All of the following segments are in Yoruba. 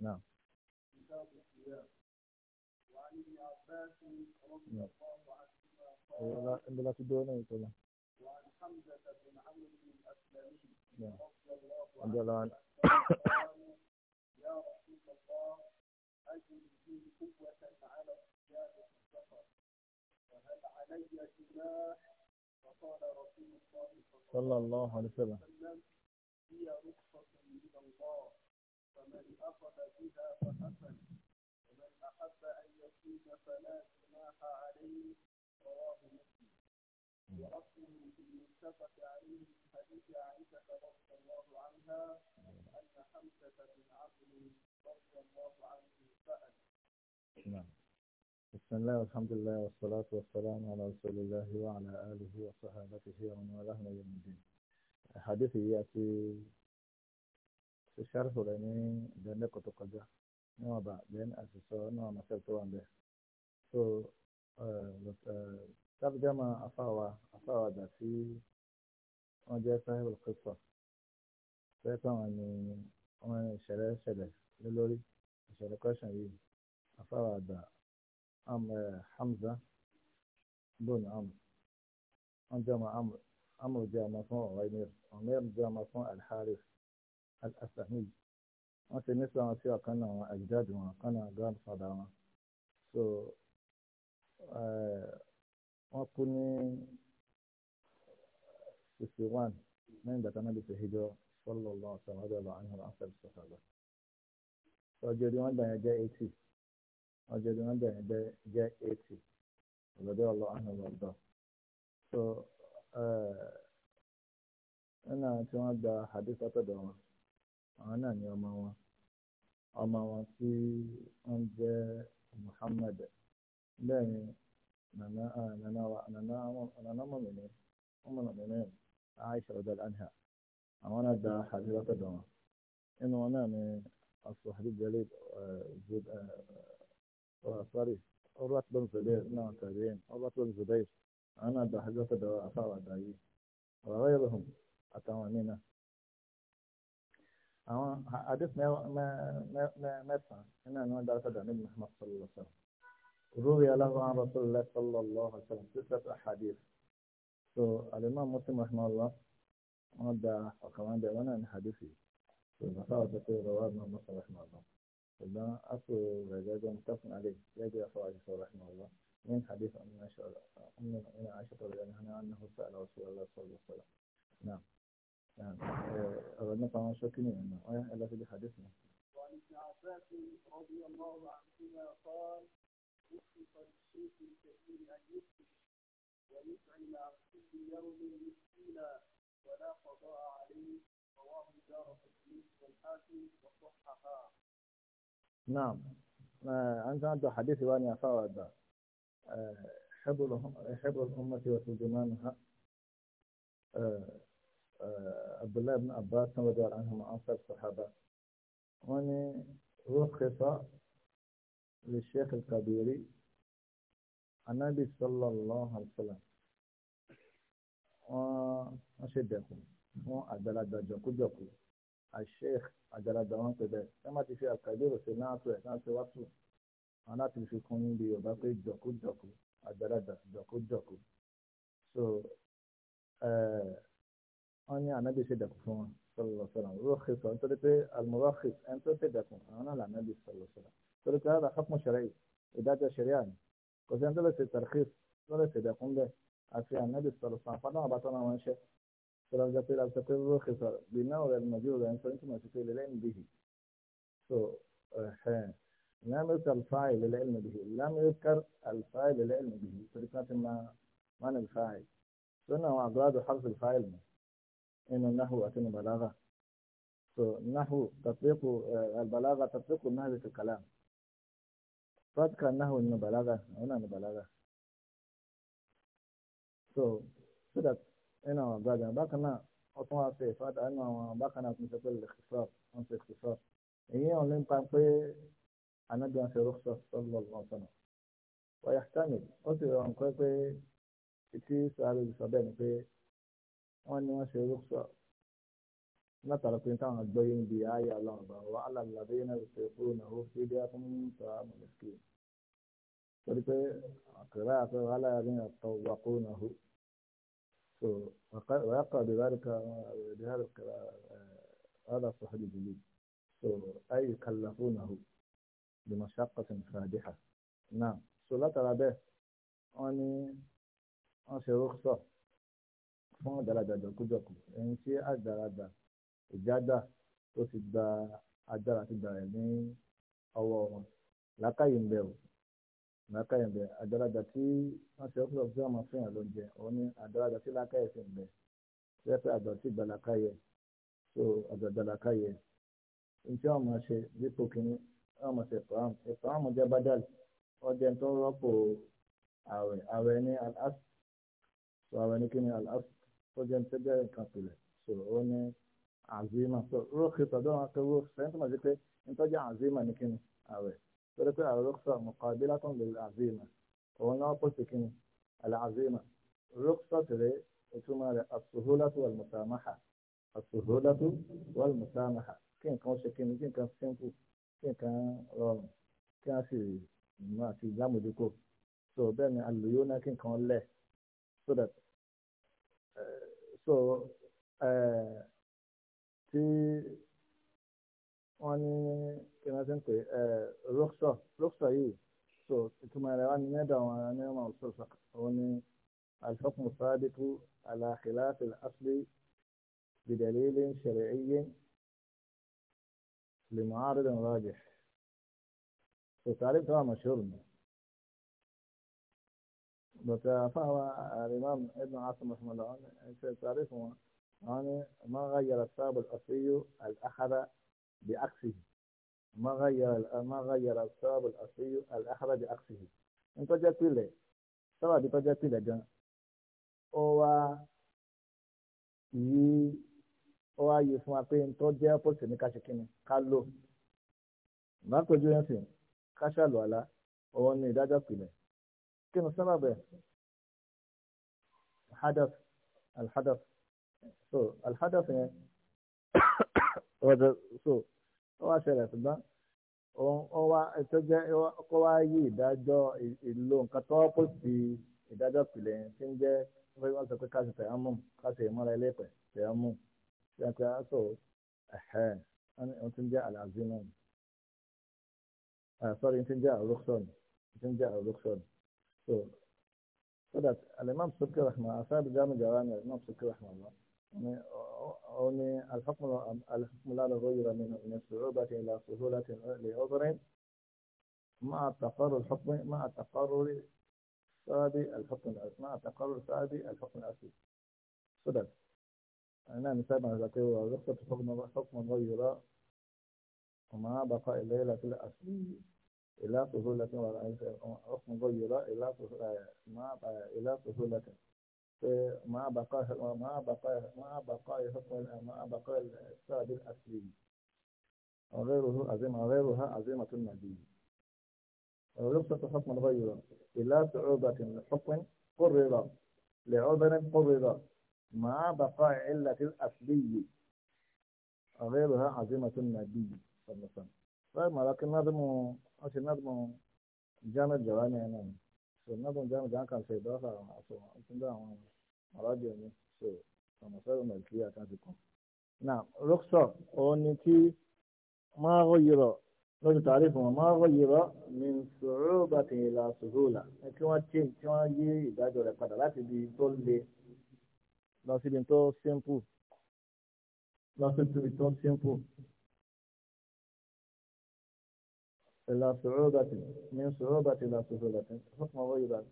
نعم لا تدوني كذا وعن حمزة بن عمرو بن الأسلمي رضي الله عنه يا رسول الله أجد فيه قوة على الصيام في السفر فهل علي جناح فقال رسول الله صلى الله عليه وسلم هي رخصة من الله ومن أخذ بها فحسن ومن أحب أن يصوم فلا جناح عليه رواه مسلم وأصله في المتفق عليه من حديث عائشة رضي الله عنها أن حمزة بن عبد رضي الله عنه سأل نعم بسم الله والحمد لله والصلاة والسلام على رسول الله وعلى آله وصحابته ومن والاه من الدين حديثي يأتي ṣe ṣàrùfù rẹ̀ ní ìdánilẹ́kọ̀ọ́ tó kọjá níwọ̀n bá then àṣìṣọ níwọ̀n mọ̀ṣẹ́ tó wà ń bẹ̀. so tábìjámà afáwa afáwa àgbà tí wọ́n jẹ́ sáhìbù kẹfà fẹ́ẹ́ táwọn ni wọ́n ìṣẹ̀lẹ̀ ṣẹlẹ̀ lé lórí ìṣẹ̀lẹ̀ kọ́ṣàn yìí afáwa àgbà Hamza bọ́ọ̀nù amú wọ́n jẹ́ am, am amú jẹ́ ọmọ fún ọ̀wá ìmírù ọ̀mírù jẹ́ ọmọ fún alḥarif. al-Aslamid wọ́n ṣe nípa wọn sí ọ̀kan náà àwọn àjíjáde wọn ọ̀kan náà grandfather wọn so eh, wọ́n kú ní sixty one lẹ́yìn ìgbà táwọn ẹbí hijọ sọ́lọ́ lọ́wọ́ sọ́wọ́n ọjọ́ ìlú àwọn ansẹ́l sọ́sọ́lọ́ ọjọ́ ìdí wọ́n gbà yẹn jẹ́ eighty ọjọ́ ìdí wọ́n gbà yẹn jẹ́ eighty ọ̀gọ́dẹ́ ọlọ́ eh, àwọn ọ̀dọ́ so tí wọ́n gba àwọn náà ni ọmọ wọn ọmọ wọn tí wọ́n jẹ́ Muhammad bẹ́ẹ̀ nana nana wa nana nana Aisha anha àwọn náà da àbí lọ́tọ̀dọ̀ wọn nínú wọn náà ni ọ̀sọ̀ àbí jẹ́lẹ̀ sorry Urwat bin Zubair náà tàbí Urwat bin Zubair àwọn náà da àbí lọ́tọ̀dọ̀ afáwà dàyé ayélujára àtàwọn هو حديث أنا ما ما أنا يدفع هنا أنا دار تدعم أنا محمد صلى أنا عليه وسلم أنا له عن أنا الله صلى أنا عليه وسلم أنا أحاديث سو أنا مسلم رحمه أنا ودا وكمان أنا وانا حديثي أنا مثلا تقول أنا ابن مسلم أنا الله فده أنا رجاجة متفق أنا يجي أخواج أنا رحمه الله أنا حديث أم أنا رضي الله أنا أنه سأل أنا الله صلى أنا عليه وسلم نعم أولنا آه، يعني طبعا شاكين يعني. أنه آية ألا في حديثنا وعن ابن عباس رضي الله عنهما قال يخفق الشيخ الكثير أن يخفق ويطعم آه، عن كل يوم مسكينا ولا قضاء عليه رواه دار الترمذي والحاكم وصححها نعم أنت عند حديث وأن يفاوض آه، حبر الأمة وترجمانها abdullahi ibn abbas sanwó-dé alhàmà ansar sahaba wọ́n ní rúkìsọ́ lè sheikh kabiri anabi sallallahu alayhi wa sallam wọ́n ṣe dẹ̀kun fún àgbàlagbà jọkújọkú àṣeikh àgbàlagbà wọn pè bẹ́ẹ̀ ẹ má ti fi àkàdérò sí náà tó ẹ̀ náà ṣe wá tù wọn láti fi kún níbi yorùbá pé jọkújọkú àgbàlagbà jọkújọkú so. Uh, wọ́n ní ànábì ṣe dẹ̀kun fún wọn sọ̀rọ̀ sọ̀rọ̀ rọ́ọ̀kì sọ̀rọ̀ nítorí pé àlùmọ́rọ́ọ̀kì ẹni tó ṣe dẹ̀kun àwọn náà lànàbì sọ̀rọ̀ sọ̀rọ̀ torí pé ara fọ́pọ̀ ṣẹ̀rẹ̀ yìí ìdájọ́ ṣẹ̀rẹ̀ àná kò sí ẹni tó lè ṣe tàrkì tó lè ṣe dẹ̀kun bẹ́ẹ̀ àti ànábì sọ̀rọ̀ sọ̀rọ̀ àfọ́nà àbá tó náà wọ́n ṣe sọ̀rọ̀ jẹ́ pé láti pé rọ́ọ̀kì sọ̀rọ̀ bí náà rẹ̀ mọ̀jú rẹ̀ ń sọ ní tìmọ̀ sí pé lẹ́lẹ́ ń bìhì so لم يذكر الفاعل ما من حرف الفاعل nínú náhù àti nínú bàlágà so náhù tàpíkù àbàlágà tàpíkù náhù fi kàlám fàtìkà náhù nínú bàlágà àwọn náà so so that nínú àwọn àgbàjà bákan náà wọ́n tún wá sí ìfádà nínú àwọn bákan náà tún ṣe pé lèkìsọ́ wọ́n ṣe lèkìsọ́ èyí wọn lè ń pa pé anábì wọn ṣe rúkṣọ sọlọ lọ sọnà wọ́n yà sítánì ó sì rọrùn pé pé títí sọ àrùn ìsọ̀bẹ́ ni pé wọ́n ní wọ́n ṣe rúkṣọ́ látara pé táwọn gbọ́yé ń bi ayé ọlọ́run bá wà alàlàdé náà ṣe kúrò náà ó fi dé fún tọ́ra mọ̀lẹ́sìkì torí pé àkàrà àfẹ́ wà alàlàdé náà tọ́ wà kúrò náà ó so ويقع بذلك بهذا هذا الصحيح الجديد so أي يكلفونه بمشقة فادحة نعم so látara bẹ́ẹ̀ wọ́n ní wọ́n ṣe rúkṣọ́. fún àgbàlagbà ìjọkújọkù ẹni tí àgbàlagbà ìjádà tó ti gba agbára ti gbà ní ọwọ́ wọn làákàyè o làákàyè àgbàlagbà tí wọ́n ṣe ọ́fíìsì ọ̀fíìsì ọmọ fún yàn ló òun àgbàlagbà tí sì ń bẹ àgbà tí gbà so àgbàgbà làákàyè ṣe dípò kínní ọmọ ṣe fàám tó ní tó jẹ́ tó jẹ́ nǹkan pìlẹ̀ so ó ní àzima so rókè tọ́jú àwọn akẹ́wọ́ sẹ́yìn tó máa jẹ́ pé nítọ́jú àzima ní kíni ààrẹ torí pé ààrẹ rókè sọ̀rọ̀ mọ̀kọ́ adé látọ̀ lè àzima òun náà pọ̀ sí kíni àlẹ́ àzima rókè sọ̀tẹ̀lẹ̀ ìtumọ̀ rẹ̀ àsùhólátù wàlmùsàmáhà àsùhólátù wàlmùsàmáhà kí nǹkan ṣe kíni kí nǹkan simple kí nǹkan rọrùn kí wọ́n sì mú àti lámòjúkò so bẹ́ẹ̀ ni àlùyó náà kí nǹkan so that so eh, tí wọ́n ní kí wọ́n ti ń pè rọ́ksọ̀ eh, rọ́ksọ̀ yìí so ìtumọ̀ rẹ̀ wá ní mẹ́ta wọn ní ọmọ òṣìṣẹ́ òun ní alhukmu sabitu ala khilafi al-asli بدليل شرعي لمعارض راجح وتعريف طبعا مشهور منه bàtà fáwọn alimam ibn asim rahmanulah ṣe sáré fún wọn àwọn ni máa ń yàrá sábà àṣeyọ àlàkàrà bí àṣì máa ń yàrá sábà àṣeyọ àlàkàrà bí àṣì ntọ́jà pilẹ̀ sábà bí tọ́jà pilẹ̀ gan ọ wá yí ọ wá yí fún wa pé ntọ́jà pọ̀sì ní ká ṣe kíni ká lò má pẹ̀jú yẹn sìn ká ṣàlùwàlá ọwọ́ ní ìdájọ́ pilẹ̀. كانوا سبب حدث الحدث so الحدث يعني whether so ó wá ṣẹlẹ̀ ṣùgbọ́n ó wá tó jẹ́ kó wá yí ìdájọ́ ìlò nǹkan tó wá pòsì ìdájọ́ pìlẹ̀ tí ń jẹ́ wọ́n fi wọ́n sọ pé káṣí tẹ̀yámù káṣí ìmọ̀ra ẹlẹ́pẹ̀ tẹ̀yámù tí wọ́n pe aṣọ ẹ̀hẹ́ wọ́n ti ń jẹ́ alazimun ah, sorry ti ń jẹ́ arúgbó ti ń jẹ́ arúgbó. So, so that الإمام السكي رحمه الله أصاب جامع جوامع الإمام السكي رحمه الله يعني أن الحكم الحكم لا تغير من من الصعوبة إلى سهولة لعذر مع تقرر الحكم مع تقرر سابي الحكم الأصلي مع تقرر سابي الحكم الأصلي so that نعم سابع ذكر ورخصة حكم حكم غير ومع بقاء الليلة في الأصل إلى طفولة حكم غير إلى آه، ما إلى طفولة مع بقاء مع بقاء مع بقاء حكم مع بقاء السبب الأصلي وغيره عظيمة غيرها عظيمة النبي ويبسط حكم غيرة إلى صعوبة حكم قرر لعذر قرر مع بقاء علة الأصلي وغيرها عظيمة النبي صلى الله عليه وسلم فما طيب، لكن نظم wace nadmin jami'ar jawani yana so nadmin jami'ar jami'ar kan sai dafa a so a cikin da wani radio ne so a masarar mai kiyar ta fi kun min su'ubati ila suhula e kí wọ́n tí kí wọ́n yí ìdájọ́ rẹ̀ padà láti ibi tó le lọ síbi tó simple lọ síbi tó إلى صعوبة من صعوبة إلى سهولة حكم غير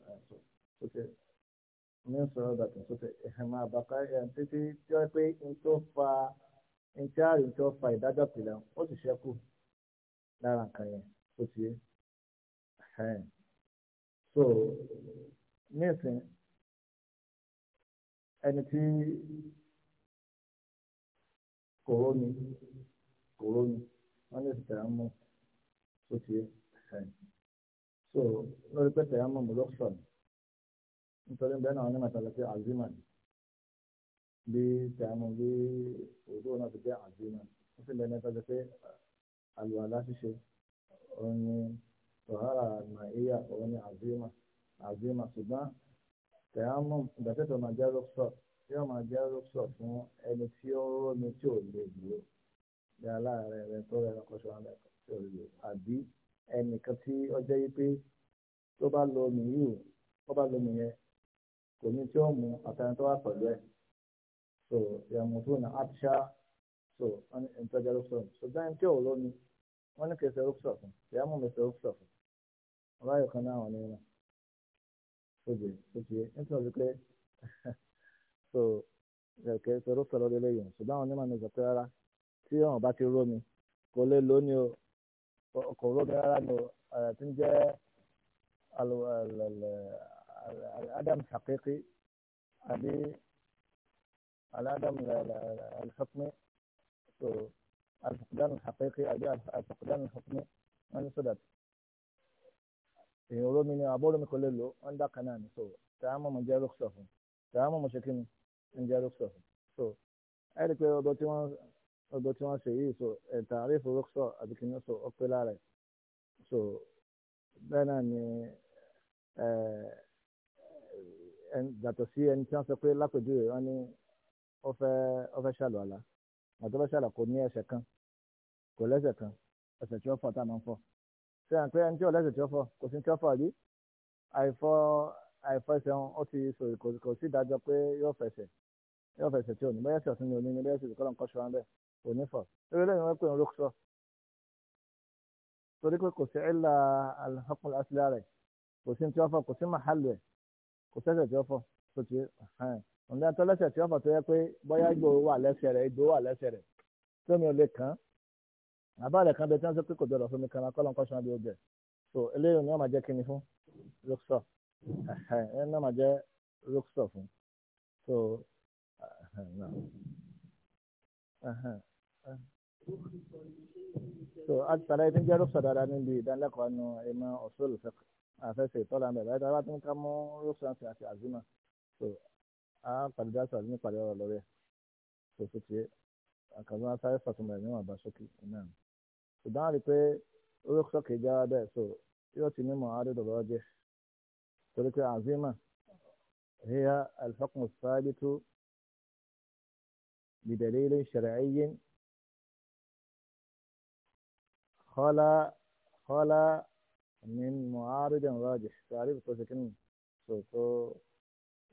من صعوبة إحما بقاء títí tí ó pé n tó fa n tí àrùn tó fa ìdájọ́ pìlẹ̀ ó sì ṣẹ́kù lára nǹkan yẹn ó ti yé so nísìn ẹni tí kòrónì kòrónì wọ́n lè sì tẹ̀ ń mú ó ti so lórí pé tẹ̀yà mọ̀ mọ̀ lọ́sọ̀ nítorí bẹ́ẹ̀ náà ní màtàlá pé azima bí tẹ̀yà mọ̀ bí òdó náà ti jẹ́ azima ó sì bẹ́ẹ̀ náà pé àlùwàlá ṣíṣe òun ni tọ̀hárà màíyà òun ni azima azima ṣùgbọ́n tẹ̀yà mọ̀ ìgbàsẹ̀tọ̀ máa jẹ́ lọ́sọ̀ yóò máa jẹ́ lọ́sọ̀ fún ẹni tí ó ní tí ò lè dúró bí aláàárẹ̀ rẹ̀ tó rẹ̀ lọ́kọ̀ṣọ́ àmẹ́kọ̀ọ́ àbí ẹnìkan tí ó jẹ́ wípé tó bá lọ mi yìí tó bá lọ mi yẹn kò ní tí ó mú àtàwọn tó wà pẹ̀lú ẹ̀ so ìyàmù tó nà àtúnṣá so wọn ní ìtọ́jà rúkṣọ̀ so dáhùn tí ò lọ mi wọn ní kẹsẹ̀ rúkṣọ̀ fún ìyàmù mẹsẹ̀ rúkṣọ̀ fún ọláyọ̀ kan náà wọn ní ìrìn ojú ojú nítorí pé so kẹsẹ̀ rúkṣọ̀ lọ́dọ̀ lẹ́yìn ṣùgbọ́n àwọn onímọ̀ ní ìgbà pé rárá tí ọ̀hún bá ti rómi kò lè lóní o ọkọ̀ ológun rárá ni tí ń jẹ́ adam shaqiqi àbí aladam alhukmi so alfuqdan alhaqiqi àbí alfuqdan alhukmi wọ́n ní sódà èèyàn olómi ni àbọ̀ olómi kò lè lò wọ́n dá náà ni so tàá mọ̀ mọ̀ jẹ́ rúkṣọ̀ fún tàá mọ̀ mọ̀ ṣe kí ni ń jẹ́ rúkṣọ̀ so ẹ̀rí pé ọdọ tí wọ́n ọgbọ́n tí wọ́n ṣe yìí so ẹ̀tàn àrífò rọ́ṣọ̀ àti so ọpẹ́ lára ẹ̀ so bẹ́ẹ̀ náà ni yàtọ̀ sí ẹni tí wọ́n sọ pé lápèjúwe wọn ní ọfẹ́ ṣàlù àlá àti ọfẹ́ ṣàlù kò ní ẹsẹ̀ kan kò lẹ́sẹ̀ kan ẹsẹ̀ tí wọ́n fọ̀ táwọn fọ̀ ṣé à ń pé ẹni tí ò lẹ́sẹ̀ tí wọ́n fọ̀ kò sí tí wọ́n fọ̀ rí àìfọ̀ àìfọ̀ ẹsẹ̀ ó ti sòrò kò sí ìdájọ́ pé yóò fẹsẹ̀ yóò fẹsẹ̀ tí ò ní bẹ́ẹ̀ ẹsẹ̀ ọ̀sìn ni ò ní ní bẹ́ẹ̀ ẹsẹ̀ ìkọlọ̀ nǹkan ṣọ́ra bẹ́ẹ̀ onífà lórí lẹ́yìn wọn pè ń rúkṣọ torí pé kò sí ẹ̀là alhakun asílẹ̀ rẹ̀ kò sí tí wọ́n fọ kò sí màhálù ẹ̀ kò sẹ́sẹ̀ tí wọ́n fọ tó ti ọ̀nà tó lẹ́sẹ̀ tí wọ́n fọ tó yẹ pé bóyá igbó wà lẹ́sẹ̀ rẹ̀ igbó wà lẹ́sẹ̀ rẹ̀ tómi ò lè kàn án àbá rẹ̀ kan bẹ tí wọ́n sọ pé kò dọ̀rọ̀ fún mi kan akọ́lọ́ nǹkan ṣan bí ó bẹ̀ so eléyìí ni wọ́n máa jẹ́ kíni fún rúkṣọ ẹ̀hẹ́n náà máa jẹ́ rúkṣọ fún so. Uh-huh, no. uh-huh so àtàlẹ́ tí ń jẹ́ rúfsà dáadáa níbi ìdánilẹ́kọ̀ọ́ nu ìmọ̀ ọ̀ṣọ́ olùfẹ́ àfẹ́sẹ̀ ìtọ́lá ń bẹ̀rẹ̀ báyìí tí wọ́n ká mú rúfsà àti àti àzìmà so a pàdé dáṣà àzìmà pàdé ọ̀rọ̀ lórí ẹ̀ so tó tiẹ̀ àkàzọ́ sáré fàtúmọ̀ ẹ̀mí wọn bá ṣókí náà ṣùgbọ́n àrí pé rúfsà kejì ara bẹ́ẹ̀ so yóò ti mímọ̀ àdédọ̀rọ̀ jẹ́ torí pé àzìmà هي الحكم الثابت بدليل شرعي خلا خلا من معارض راجح تعريف توسكن صوتو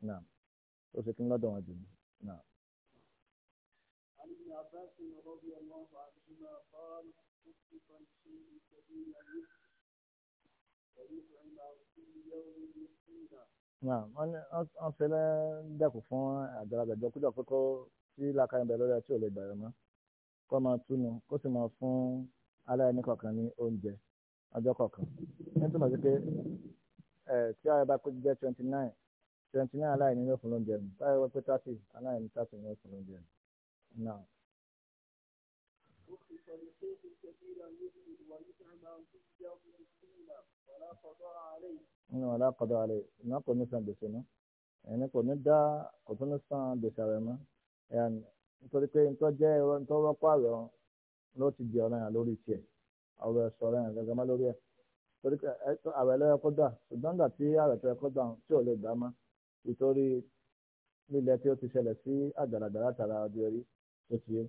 نعم توسكن لا دون نعم عن ابن عباس رضي الله عنهما قال خفف الشيء كبير الرزق ويطعم كل يوم مسكينا نعم أنا أصلا داكو فون أدراجة جوكو جوكو tí lákàá ń bẹ lórí ẹ tí ò lè gbà ẹ mọ́ kó máa túnu kó sì máa fún aláìní kọ̀ọ̀kan ní oúnjẹ ọjọ́ kọ̀ọ̀kan nítorí wọ́n ti pé tí ọ̀rẹ́ bá kó jẹ́ twenty nine twenty nine aláìní ló fún oúnjẹ mi táyọ̀ wọ́n pé thirty aláìní thirty ló fún oúnjẹ mi náà. Wọ́n alákọ̀dọ̀ àlẹ́ iná kò ní san gbèsè mọ́ ẹni kò ní dá kò tún ní san gbèsè rẹ̀ mọ́ nítorí pé nítorí jẹ́ ló ti di ọ̀ràn yàn lórí tiẹ̀ ọ̀rọ̀ ẹ̀sọ̀ ọ̀ràn yàn gẹ́gẹ́ má lórí ẹ̀ torí ààrẹ lọ́yẹ kó dà ṣùgbọ́n nígbà tí ààrẹ tó yẹ kó dà tí ò lè dá mọ́ nítorí lílẹ̀ tí ó ti ṣẹlẹ̀ sí àgbàlagbà látara ọdí orí tó ti yé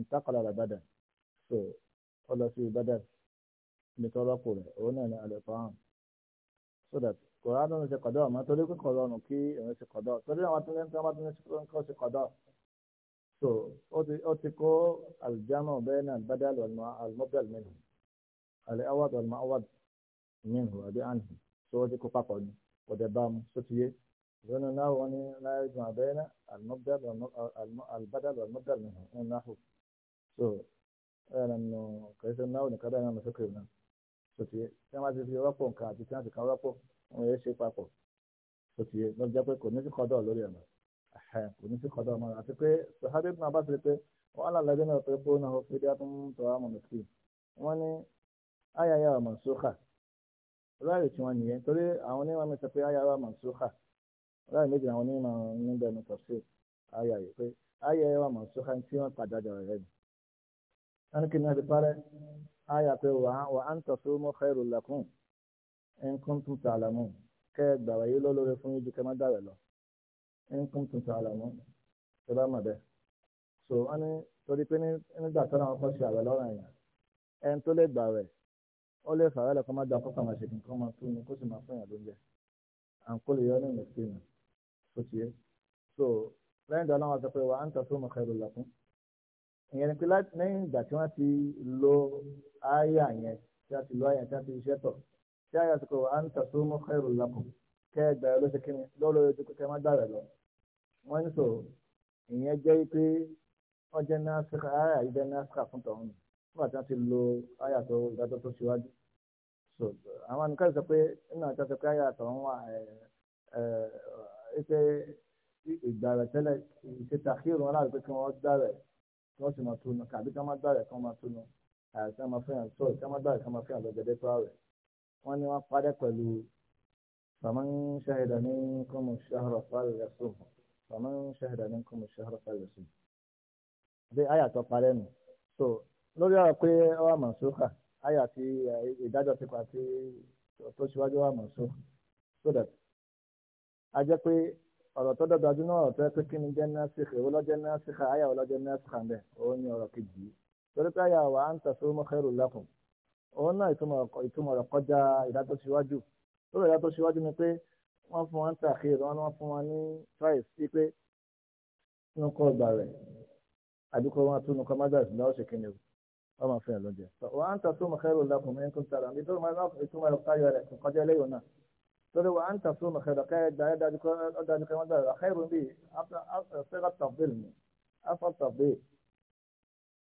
ntakọ̀lá àbàdà so ó lọ sí Ìbàdàn nítorí ọkọ rẹ̀ òun náà ní àlẹ́kọ̀ọ́ hàn so that kò rárá ló ń ṣe kọ̀dọ̀ àmọ́ torí pé kọ̀dọ̀ ọ̀nà kí òun ṣe kọ̀dọ̀ torí àwọn tó ń kọ́ ṣe kọ̀dọ̀ so ó ti kó aljama bayna albadal walmubdal minhu alawad walmuawad minhu àbí anhu so ó ti kó papọ̀ ni kò dẹ̀ bá mu só ti yé lónìí náà wọ́n ní láyé jùmọ̀ bayna albadal walmubdal minhu ní náhù so ẹ̀rọ nù kẹsẹ̀ náà ní kábẹ́ẹ̀ náà lọ́sọ̀kẹ́ náà só ti yé tí wọ́n bá ti fi rọ́pò nǹkan àti tí wọ́n ti kan rọ́pò wọ́n yẹ ṣe papọ̀ só ti yé lọ́jọ́ pé kò ní sí kọ́dọ̀ lórí ẹ̀mọ́ kò ní sí kọ́dọ̀ ọmọ rẹ̀ àti pé sahabi ibn abbas rí pé wọ́n á lálẹ́ náà pé kó náà ó fídíà tó ń tọ́ àmọ̀ mẹ́sì wọ́n ní ayáyá wa mansukha ráàyè tí wọ́n nìyẹn torí àwọn onímọ̀ mi sọ pé ayáyá wa mansukha ráàyè méjì àwọn onímọ̀ níbẹ̀ mi tọ̀sí ayáyé pé ayáyá wa mansukha tí wọ́n padà dọ̀rọ̀ rẹ̀ ni. khairul lakum in kuntum ta'lamun kẹ́ gbàwé yìí ń kún tuntun àlà mọ́ ẹ bá mọ̀ so wọ́n ní torí pé nígbà tó náà wọ́n kọ́ ṣe àwẹ̀ lọ́rọ̀ èèyàn ẹni tó lè gbà rẹ̀ ó lè fàrẹ́ lẹ́kọ́ má da kọ́kọ́ máa ṣe kí nǹkan máa tún kó sì máa fún èèyàn lóúnjẹ ń kó lè yọ ní ìmọ̀sí èèyàn tó ti so lẹ́yìn ìgbà náà wọ́n sọ pé wà á ń tàṣó mọ̀ kẹrù lọ́kùn ìyẹn ni pé lẹ́yìn ìgbà tí wọ́n ti lo àyà yẹn tí a ti lo àyà tí a ti ṣiṣẹ́ tọ̀ tí àyà sọ pé wà á ń tàṣó mọ̀ kẹrù lọ́kùn kẹ́ ẹgbẹ̀rún ló ṣe kí ni lọ́ọ́ lórí ojú kẹ́kẹ́ má dàrẹ̀ lọ́wọ́ wọ́n ní sọ ìyẹn jẹ́ pé wọ́n jẹ́ násìkà àyà yìí jẹ́ násìkà fún tọ̀hún nígbà tí wọ́n ti lo àyà tó ìdájọ́ tó ṣíwájú so àwọn àníkàyè sọ pé nínú àti àti pé àyà tọ̀hún wà ẹ̀ ẹ̀ pé ìgbà rẹ̀ tẹ́lẹ̀ ìṣètà kíìrù wọn láti pé kí wọ́n gbà rẹ̀ kí wọ́n sì máa túnu kàbí kí wọ́n má gbà rẹ̀ kí wọ́n máa túnu àyà kí wọ́n máa fẹ́ràn sọ̀rọ̀ kí wọ́n má gbà rẹ̀ kí wọ́n máa fẹ́ràn lọ́jọ́ dẹ́tọ́ rẹ̀ wọ́n ní wọ́n padẹ́ pẹ̀lú فمن شهد منكم الشهر فليصمه ọmọ ń ṣàhìdà ní kọ́mù ṣàhìdà fàyọ̀sì bí àyà tó parẹ́ nù so lórí ọ̀rọ̀ pé ọwọ́ mọ̀sókà àyà tí ìdájọ́ ti pa tí tó ṣíwájú ọwọ́ mọ̀sókà so that a jẹ́ pé ọ̀rọ̀ tó dọ́gba jù náà ọ̀rọ̀ pé kí ni jẹ́ násìkà èwo lọ́jẹ́ násìkà àyà wo lọ́jẹ́ násìkà mbẹ́ òun ni ọ̀rọ̀ kejì torí pé àyà wà á ń tàṣó mọ́kẹ́rù lakum òun náà ìtumọ̀ ọ̀rọ̀ kọjá ìdájọ́ síwájú lórí ìdájọ́ síwájú ni pé wọ́n fún wọn tàkì wọn ni wọ́n fún wọn ní price sí pé wọ́n kọ́ ọgbà rẹ̀ àdúgbò wọn tún nǹkan mádàsí lọ́wọ́ ṣe kíni o wọ́n máa fún yàn lóúnjẹ. wọ́n á ń tà sóma kẹ́rù lákùn mí kó tara ní tóun máa ń tún máa ká yọ rẹ̀ kó kọjá lẹ́yìn náà torí wọ́n á ń tà sóma kẹ́rù káyọ̀ dáyé dájú kọ́ dájú kọ́ wọ́n dára kẹ́rù bíi fẹ́rẹ́ tàbílì ni afọ́ tàbílì.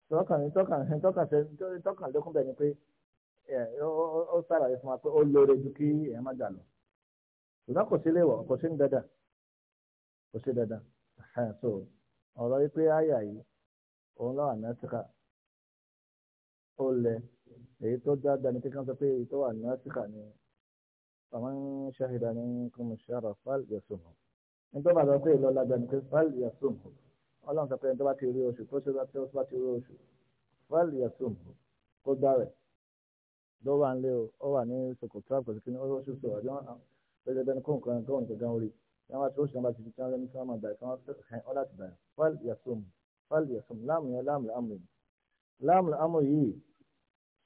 tọ́kàn tọ́kàn tọ́kàn tọ́kàn lókun bẹ̀ ni pé ó sàlàyé fún wa pé ó lóore ju kí èèyàn má dà lọ ṣùgbọ́n kò sí léwọ̀ kò sí ní dandan kò sí dandan so ọ̀rọ̀ wípé àyà yìí òun lọ́wọ́ ànásíkà ó lẹ èyí tó dáadáa ní kíkan sọ pé èyí tó wà ànásíkà ni àwọn ṣáhìdá ní kọmọṣẹ́rọ̀ fáìlì yẹ̀sùn hù nítorí bàtà pé ìlọ lágbàá ní pé fáìlì yẹ̀sùn hù ọlọ́run sọ pé ẹni tó bá ti rí oṣù tó ṣe bá ti rí oṣù fáìlì yẹ̀sùn hù kó gbá rẹ̀ ló wà ń lé o ó wà ní ṣòkòtò àgbẹ̀sìkì ní oṣù sọ̀rọ̀ lọ́jọ́ bẹ́ẹ̀ ni kóhùn kan kóhùn gangan orí yàrá tí ó ṣe nàbà tìbí tí wọ́n lé ní kí wọ́n máa gbà kí wọ́n fẹ́ hàn ọ́ láti bẹ̀rẹ̀ fal yasum fal yasum láàmù yẹn láàmù amú yìí láàmù amú yìí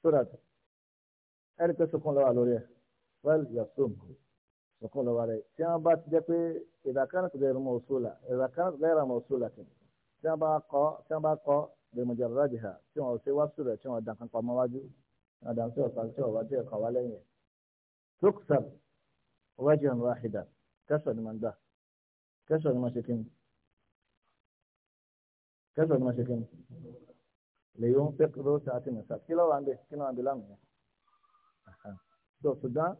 sódàt ẹni pé sọkún lọ́wọ́ lórí ẹ̀ fal yasum sọkún lọ́wọ́ rẹ̀ tí wọ́n bá ti jẹ́ pé ìdàkánà tó dẹ̀rù mọ̀ òṣùlà ìdàkánà tó dẹ̀rù mọ̀ òṣùlà kì tí wọ́n bá kọ́ tí wọ́n bá kọ́ bẹ̀mọ̀jàrọ̀dájìhà tí wọ́n ṣe wá sùrẹ̀ tí wọ́n dàn kan pamọ́ wájú àdàmú tí ọ̀sán tí ọ̀wá tí ẹ̀kan wá lẹ́yìn tókùsàbù وجها واحدا كسر من ده كسر المسكين كسر المسكين لينفق ذو ساعة من ساعة كيلو عندي كيلو عندي لام so sudan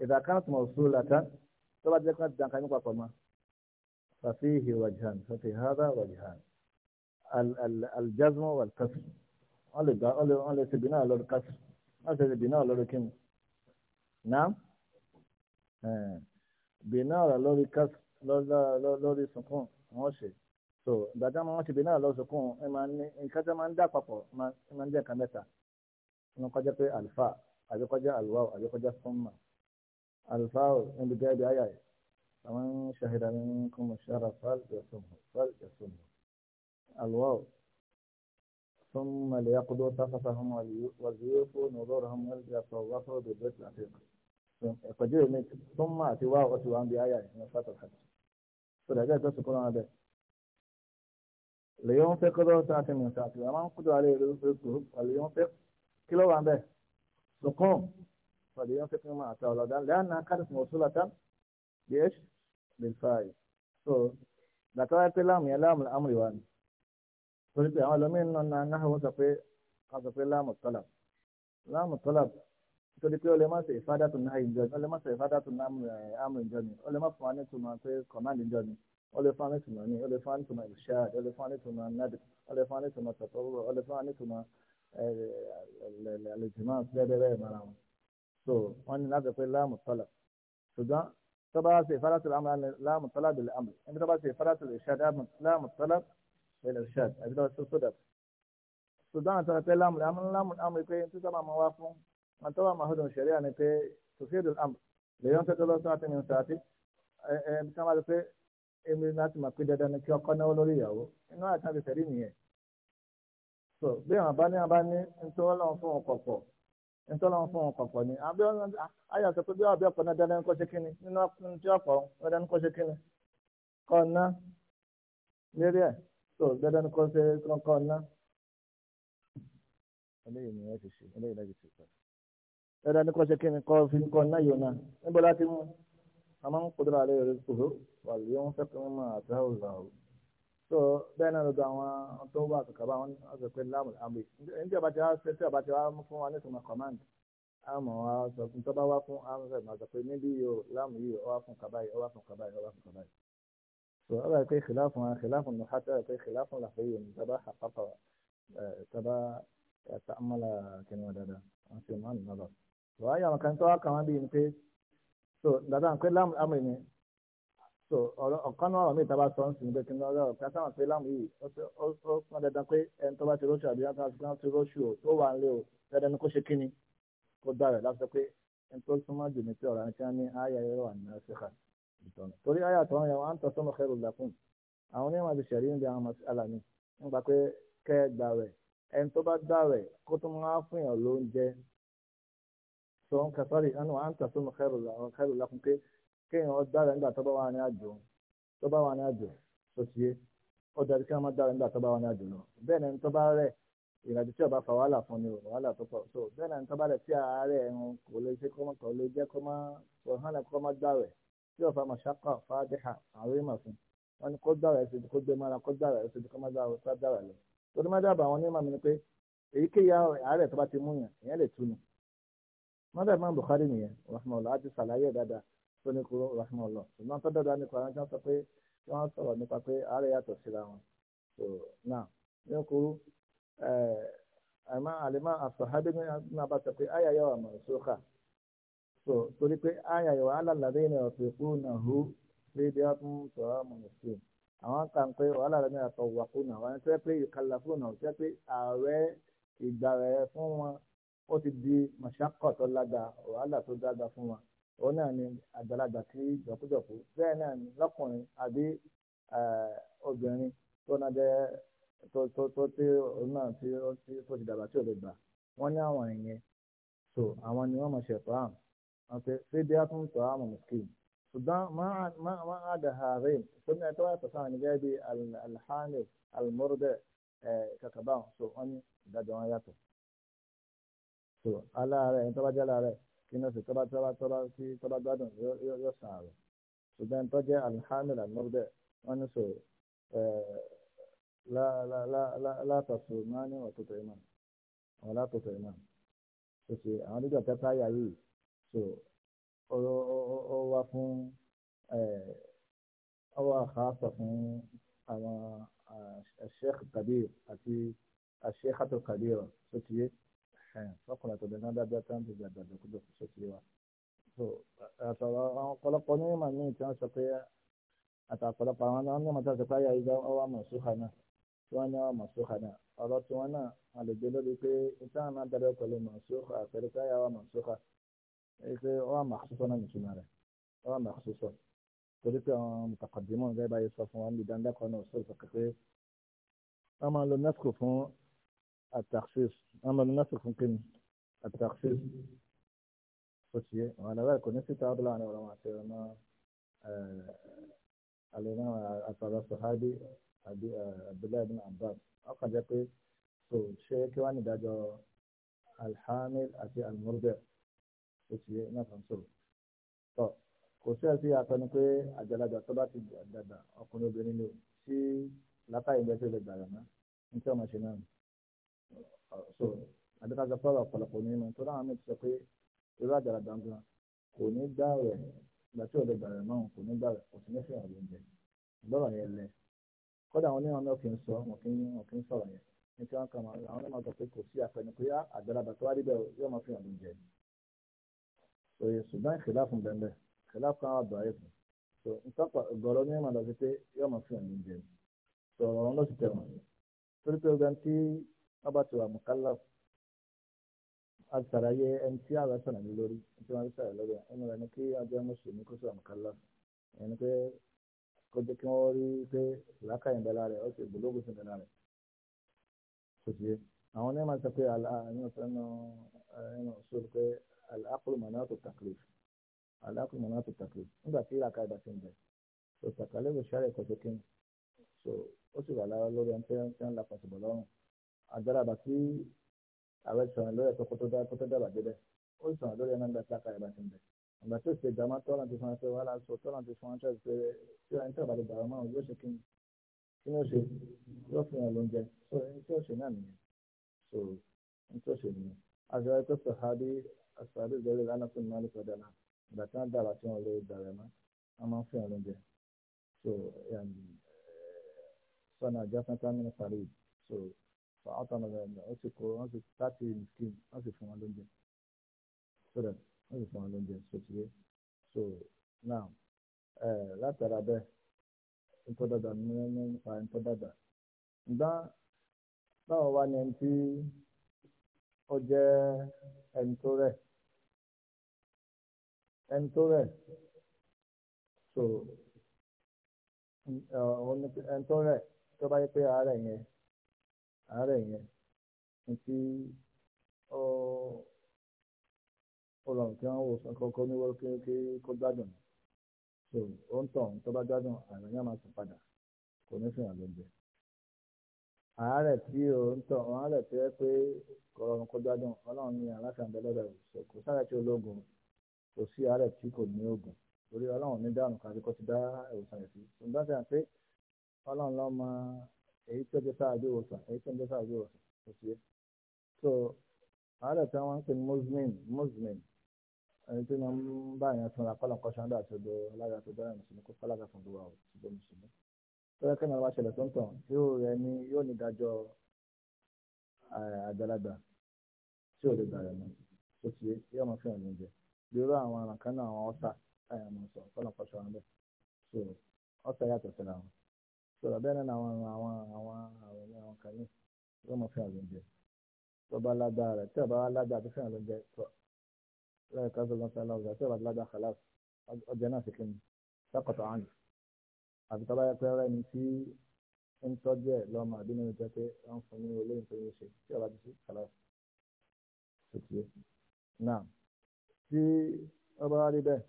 إذا كانت موصولة طبعا دي كانت دان كان يقول ما ففيه وجهان ففي هذا وجهان الجزم والكسر قال قال قال بناء للكسر ما بناء كم نعم bìnáàrà lórí kásì lórí lori àwọn ṣe so ìgbàdá wọn ti bìnáàrà lórí sunkún ẹ máa ní nǹkan ma wọn máa ń dà papọ̀ ẹ na. ń jẹ́ nǹkan mẹ́ta wọn kọjá pé àlùfà àbí kọjá àlùwà àbí kọjá sọ́mà àlùfà níbi gẹ́gẹ́ bí àyà yìí àwọn ṣàhìdá ní kún mọ̀ ṣára fàlùfẹ́sùn àlùwà ثم ليقضوا وليوفوا بالبيت العتيق ẹ̀kọ́jú omi tó ń mọ àti wá ọtí wa ń bi ayà ìyẹn sátọ̀ hajj tó dàgbà ìjọ sùkúrò wọn bẹ. lèyọ́n fẹ́ kọ́dọ̀ sáàtì mi sáàtì wọn máa ń kúdọ̀ alẹ́ ìlú èkó lèyọ́n fẹ́ kílọ̀ wọn bẹ sùkún lèyọ́n fẹ́ kí wọ́n máa ta ọ̀lọ́dà lẹ́yìn akáàdì fún ọ̀ṣun làtà yẹ́sì lè fà yìí. so bàtà wáyé pé láàmù yẹn láàmù amúrì wa ni torí pé àwọn ọlọ́mìn náà náà wọ́n sọ pé láàmù tọ́lá láàmù tọ́lá nítorí pé ọlẹ́ máa ṣe ìfádà tó náà eh, ìjọ ni ọlẹ́ máa ṣe ìfádà tó náà àmú ìjọ ni ọlẹ́ máa fún wa ní tòmọ̀ pé command ìjọ ni ọlẹ́ fún wa ní tòmọ̀ ní ọlẹ́ fún wa ní tòmọ̀ ìṣáàd ọlẹ́ fún wa ní tòmọ̀ nàdì ọlẹ́ fún wa ní tòmọ̀ tọ̀tọ̀wọ̀ ọlẹ́ fún wa ní tòmọ̀ àlejòmọ́ bẹ́ẹ̀bẹ́ẹ̀ mara wọn. so wọ́n ní láti pé láàmù tọ́lá ṣùgbọ́n tó bá ṣe ìfádà tó láàmù tọ́lá bẹ̀lẹ̀ àmì ẹni tó bá ṣe ìfádà tó ìṣáàd láàmù tọ́lá bẹ̀lẹ̀ ìṣáàd àbí tó bá ṣe sódà ṣùgbọ́n àtàrà wọn tó wà mahadum sharia ni pé tòfíìdù amr lèyàn fẹ́ tó lọ sọ́wọ́n tẹ̀mí sàtì ẹ ẹ bí wọ́n bá ti pé èmi láti mọ̀ pé dandan ni kí ọkọ náwó lórí ìyàwó inú àti àti tẹ̀lé nìyẹn so bí àwọn bá ní àwọn bá ní ntọ́wọ́ lọ́wọ́ fún wọn kọ̀ọ̀kọ̀ ntọ́wọ́ lọ́wọ́ fún wọn kọ̀ọ̀kọ̀ ni àbí wọn ayọ̀ sọ pé bí wọn àbí ọkọ̀ náà dandan kọ́ ṣe kínni nínú tí ọkọ̀ dandan kọ́ ṣe kínni kọ́ ná lérí ẹ̀ so dandan kọ́ ṣe kọ́ ná eléyìí ni wọ́n ti ṣe eléyìí lọ́ ẹ̀rọ ní kọ́ ṣe kí ni kọ́ fi kọ́ náà yóò náà níbo láti mú a máa ń kódúrà rẹ̀ rẹ̀ kúrò wà lè wọ́n fẹ́ kí wọ́n máa àtúrà òòlà o. so bẹ́ẹ̀ náà lọ́dọ̀ àwọn tó wà kàkà bá wọn sọ pé láàmù àmì ẹni tí àbàtì wa ṣe tí àbàtì wa fún wa ní ìtumọ̀ command àmọ̀ wa sọ fún tọ́ba wa fún àmọ̀ sọ sọ pé níbí yóò láàmù yìí ọwá fún kàbáyì ọwá fún kàbáyì ọwá fún kàbáyì. so ọ̀rọ̀ ẹ̀ pé khilafun khilafun nuhat ẹ̀ pé khilafun làfẹ́yẹ̀ ní tọ́ba àpapọ̀ tọ́ba ẹ̀ tààmọ́lá kẹ́ni wọn dáadáa wọ́n ti máa ń lọ́sọ̀ wàá yàn kan tó wá kàn wọ́n bí n pé so dàda n pé láàmù àmì ni so ọ̀rọ̀ ọ̀kan náà ọ̀rọ̀ mi ìta bá sọ ń sìn pé kí n lọ́ọ́ rẹ̀ pátá wọn pé láàmù yìí ó pọn dandan pé ẹni tó bá ti róṣù àbí wọn ti róṣù o tó wà nílé o dandan ni kó ṣe kíni kó dá rẹ̀ láti sọ pé ẹni tó súnmọ́ jù ní pé ọ̀rọ̀ àti wọn ní ayé ayé wà ní ṣèkà ìtọ́nà torí ayé àtọ́wọ́n yẹn wọ́n á ń tọ́ sọ́mọ́ kẹrù làkùn àwọn onímọ̀ ti ṣẹ̀rí ń bí àwọn alàmì ń gbà pé kẹ́ gbà rẹ̀ ẹni tó bá dá rẹ̀ kó tó máa fún yàn lóúnjẹ sọ ń kà sọ́rí ẹnu à ń tà sómi xẹ́rù lakun pé kéèyàn dára nígbà tó bá wà ní àjò tó bá wà ní àjò tó ṣe ó dàbí kí wọ́n máa dára nígbà tó bá wà ní àjò lọ bẹ́ẹ̀ ni tó bá rẹ̀ ìrìnàjò tí ó bá fa wàhálà fún ni wàhálà tó pọ̀ so bẹ́ẹ̀ ni tó bá rẹ̀ tí àárẹ̀ ẹ̀hún kò lè ṣe kọ́mọ́ kò lè jẹ́ kọ́mọ́ kò hàn kọ́ mọ́ gbàwẹ̀ tí ó fa mọ̀ṣáká fàdíhà àwọn èèmọ̀ fún wọn ni kó gbàwẹ̀ ẹ̀ṣẹ̀ kó gbé mọ́ra kó gbàwẹ̀ ẹ̀ṣẹ̀ kó má gbàwẹ̀ lọ torí má dábàá àwọn onímọ̀ mi ni pé èyíkéyà àárẹ̀ tó bá ti mú yàn ìyẹn lè túnu mọ́tà imam bukhari nìyẹn rahmanulah àti sàlàyé dáadáa tó ní kúrò rahmanulah ṣùgbọ́n tó dáadáa nípa àwọn kan sọ pé tí wọ́n sọ̀rọ̀ nípa pé ààrẹ yàtọ̀ síra wọn so now ní kúrò eh, àmọ́ àlẹ́mọ́ àṣọ̀hábí náà bá sọ pé àyà yà wà so torí pé àyà yà wà alàlàdé ni ọ̀sẹ̀ kúrò náà hù lédè ọ̀tún sọ̀rọ̀ mọ̀nsìn àwọn kan pé wàhálà rẹ̀ náà tọ̀ wà kúrò náà wọ́n ti pé ìkàlà fún náà ti pé ààrẹ rẹ̀ fún wọn ó ti di màṣákọ̀ tó lága wàhálà tó dága fún wa òun náà ni àgbàlagbà tí jọ̀kújọ̀kú bẹ́ẹ̀ náà ni lọ́kùnrin àbí obìnrin tó náà jẹ́ tó tó tó tí òun náà tí tó ti dàgbà tí ò lè gbà wọ́n ní àwọn ìyẹn so àwọn ni wọ́n mọ̀ ṣe tọ́ àmù wọ́n pe ṣébi á tún tọ́ àmù mùsùlùmí ṣùgbọ́n máa á dà ha rèé ẹ̀tọ́ ẹ̀tọ́ sáà ní gẹ́gẹ́ bí alhánil almọ́rọ́dẹ̀ kàkàbáwọn so wọ́n ní ìdájọ́ wọn yàtọ̀ so aláàárẹ̀ ẹni tó bá jẹ́ aláàárẹ̀ kí ni ó sì tọ́ba tọ́ba tọ́ba tí tọ́ba gbádùn yóò sàn àrùn ṣùgbọ́n tó jẹ́ alhamil almọ́bẹ̀ wọ́n ní so látọ̀tọ̀ máa ní ọ̀tọ̀tọ̀ ìmọ̀ àwọn látọ̀tọ̀ ìmọ̀ so ṣe àwọn nígbà tẹ́tà yà yìí so ó wá fún ó wá àkàsọ̀ fún àwọn sheikh kabir àti sheikh ato kabir so ti yé ọkùnrin àtọ̀dọ̀ náà dábẹ́ táwọn ti gbàgbà àjọkújọ kò sọ tiwa. àtọ̀rọ̀ àwọn ọ̀pọ̀lọpọ̀ ní ìmọ̀ míì tí wọ́n sọ pé àtàpọ̀lọpọ̀ àwọn náà ní ìmọ̀ tí wọ́n sọ pé ayé ayé ọwọ́ mọ̀súkà náà tí wọ́n ní ọwọ́ mọ̀súkà náà ọ̀rọ̀ tí wọ́n náà wọ́n lè gbé lórí pé ìtàn náà dábẹ́ pẹ̀lú mọ̀súkà pẹ̀lú pé ayé ọwọ́ mọ̀súkà pé ọwọ́ màkúsọ́sọ́ náà nìtúmọ̀ rẹ̀ ọwọ́ màkúsọ́sọ́ torí pé àwọn mùtàkàdìmọ̀ gẹ́gẹ́ báyìí sọ fún wọn ní ìdánilẹ́kọ̀ọ́ náà sọ̀rọ̀ pé wọ́n máa lo nẹ́fkò fún التخصيص أما النسخ ممكن التخصيص خصية وعلى ذلك نسي تعضل عن علماء سيرنا الإمام أصحاب الصحابي عبد الله بن عباس أقد يقول سو شيء كمان داجو الحامل أتي المرضع خصية نفهم سو طب خصية سي أعطاني كوي أجلاجة طبعتي دادا أقول بني لو شي لا تايم بيسي لدى أنا انتو ما شنان so àdékájọ pọ́ọ̀rọ̀ ọ̀pọ̀lọpọ̀ ní inú tó dáhùn mi ti sọ pé irú àjàrà gbangba kò ní gbà rẹ̀ ìgbà tí òde bẹ̀rẹ̀ náà kò ní gbà rẹ̀ kò sí ní fìyà lóúnjẹ ìgbọ́rọ̀ yẹn lẹ kódà àwọn onímọ̀ náà kì í sọ wọn kì í wọn kì í sọ̀rọ̀ yẹn ní tí wọ́n kà máa àwọn onímọ̀ sọ pé kò sí àfẹnukúyà àgbàlagbà tó wá rí bẹ́ẹ̀ yóò máa fìyà lóúnjẹ òye ṣùgbọ́n ìkìlá fún bẹ́ẹ̀ ìkìlá fún àwọn àbúrò ayé fún so ntọ́pọ̀ ìgbọ̀rọ̀ onímọ̀ lọ sí pé yóò máa fìyà lóúnjẹ sọ̀rọ̀ wọn ló ti tẹ̀ wọ́n torí pé ogun tí wọ́n bá ti wà mùkálà a ti sàlàyé ẹni tí ààrẹ sọ̀rọ̀ mi lórí ẹni tí wọ́n ti sàlàyé lórí ẹni rẹ̀ ni kí adé mùsùlùmí kó sì wà mùkálà ẹni pé kó jẹ́ kí wọ́n rí pé làákàyìn bẹ́ẹ̀ lára ẹ̀ ó sì gbólógùn sí bẹ́ẹ̀ lára ẹ̀ kò sí àwọn onímọ̀ sọ pé àlàyé ọ̀sánú ẹnu sọ pé àlàkùrù mọ̀nà tó taklif àlàkùrù mọ̀nà tó taklif nígbà tí làákàyè bá ti ń bẹ̀ so takalẹ́ agbára bàtí ààrẹ sọ̀rọ̀ lórí ẹ̀kọ́ kótó dàgbà débẹ̀ ó sọ̀rọ̀ lórí ẹ̀nà ìgbà káàkiri bàtí ń bẹ̀ ìgbà tó ṣe gbàmọ́ tọ́lá ti fún wa pé wà á sọ tọ́lá ti fún wa pé tí wọ́n ń tẹ̀ balẹ̀ gbàmọ́ yóò ṣe kí ni yóò ṣe yóò fi hàn lóúnjẹ so ẹni tí yóò ṣe náà nìyẹn so ẹni tí yóò ṣe nìyẹn àjọ ẹgbẹ́ sọ̀hábí àṣàbí ìgbẹ́lẹ̀ lánàá fún mi lọ́dọ̀ náà ìgbà tí wọ́n dára tí wọ́n lè so eh, فأعطى أوسك تأتي مسكين أوسك فما لندن student أوسك فما لندن سوتي so now eh, látara bẹ́ẹ̀ ntọ́dàdà mímú nípa ntọ́dàdà ǹdá báwo wá ni ẹni tí ó jẹ́ ẹni tó rẹ̀ so eh, ẹni tó rẹ̀ tó bá ara àárẹ̀ yẹn ní tí ó kí wọ́n wò sọ kọ́kọ́ ní wọ́n kí kó gbádùn so ó ń tàn tó bá gbádùn àrùn yẹn máa sùn padà kò ní fìyàn lóúnjẹ àárẹ̀ tí ò ń tàn àárẹ̀ tí ó pé kò ọrụ kó gbádùn ọlọ́run ní kò sáré tí ológun kò sí àárẹ̀ tí kò ní èyí tó que está àdéhùsà èyí tó jẹ́ sáà àdéhùsà kò sí. so àárẹ̀ tí wọ́n ń pè ní muslim muslim ẹni tí wọ́n ń bá yẹn tún ra kọ́lọ̀ kọ́ṣán dà tó do alága tó dára mùsùlùmí kó kọ́lága fún gbogbo àwọn tó do mùsùlùmí. tó yẹ kẹ́mi àwọn aṣẹlẹ̀ tó ń tàn yóò rẹ ní yóò ní ìdájọ́ àgbàlagbà tí ò lè gbà rẹ̀ mọ́ tó ti yóò máa fẹ́ràn lóúnjẹ. lórí àwọn àràkánná àwọn ọ̀sà táyà mọ̀ sọ kọ́lọ̀ kọ́ṣán bẹ́ẹ̀ so ọ̀sà yàtọ̀ síra wọn sọ̀rọ̀ bẹ́ẹ̀ náà àwọn àwọn àwọn àwọn ní àwọn kan ní yóò mọ̀ fẹ́ràn lóúnjẹ tó bá lágbára rẹ̀ tí ò bá lágbára tó fẹ́ràn lóúnjẹ tó lẹ́yìn káfíń lọ́sà aláwùjọ tí ò bá lágbára kàlàf ọjọ́ náà sì kí ni sákòtò àánì àti tó bá yẹ pé ọ̀rẹ́ ni tí ń tọ́jú ẹ̀ lọ́mọ àbí nínú jẹ́ pé wọ́n fún ní olóyìn tó ń ṣe tí ò ti sí kàlàf tó ti yé náà tí ọba rí bẹ́ẹ̀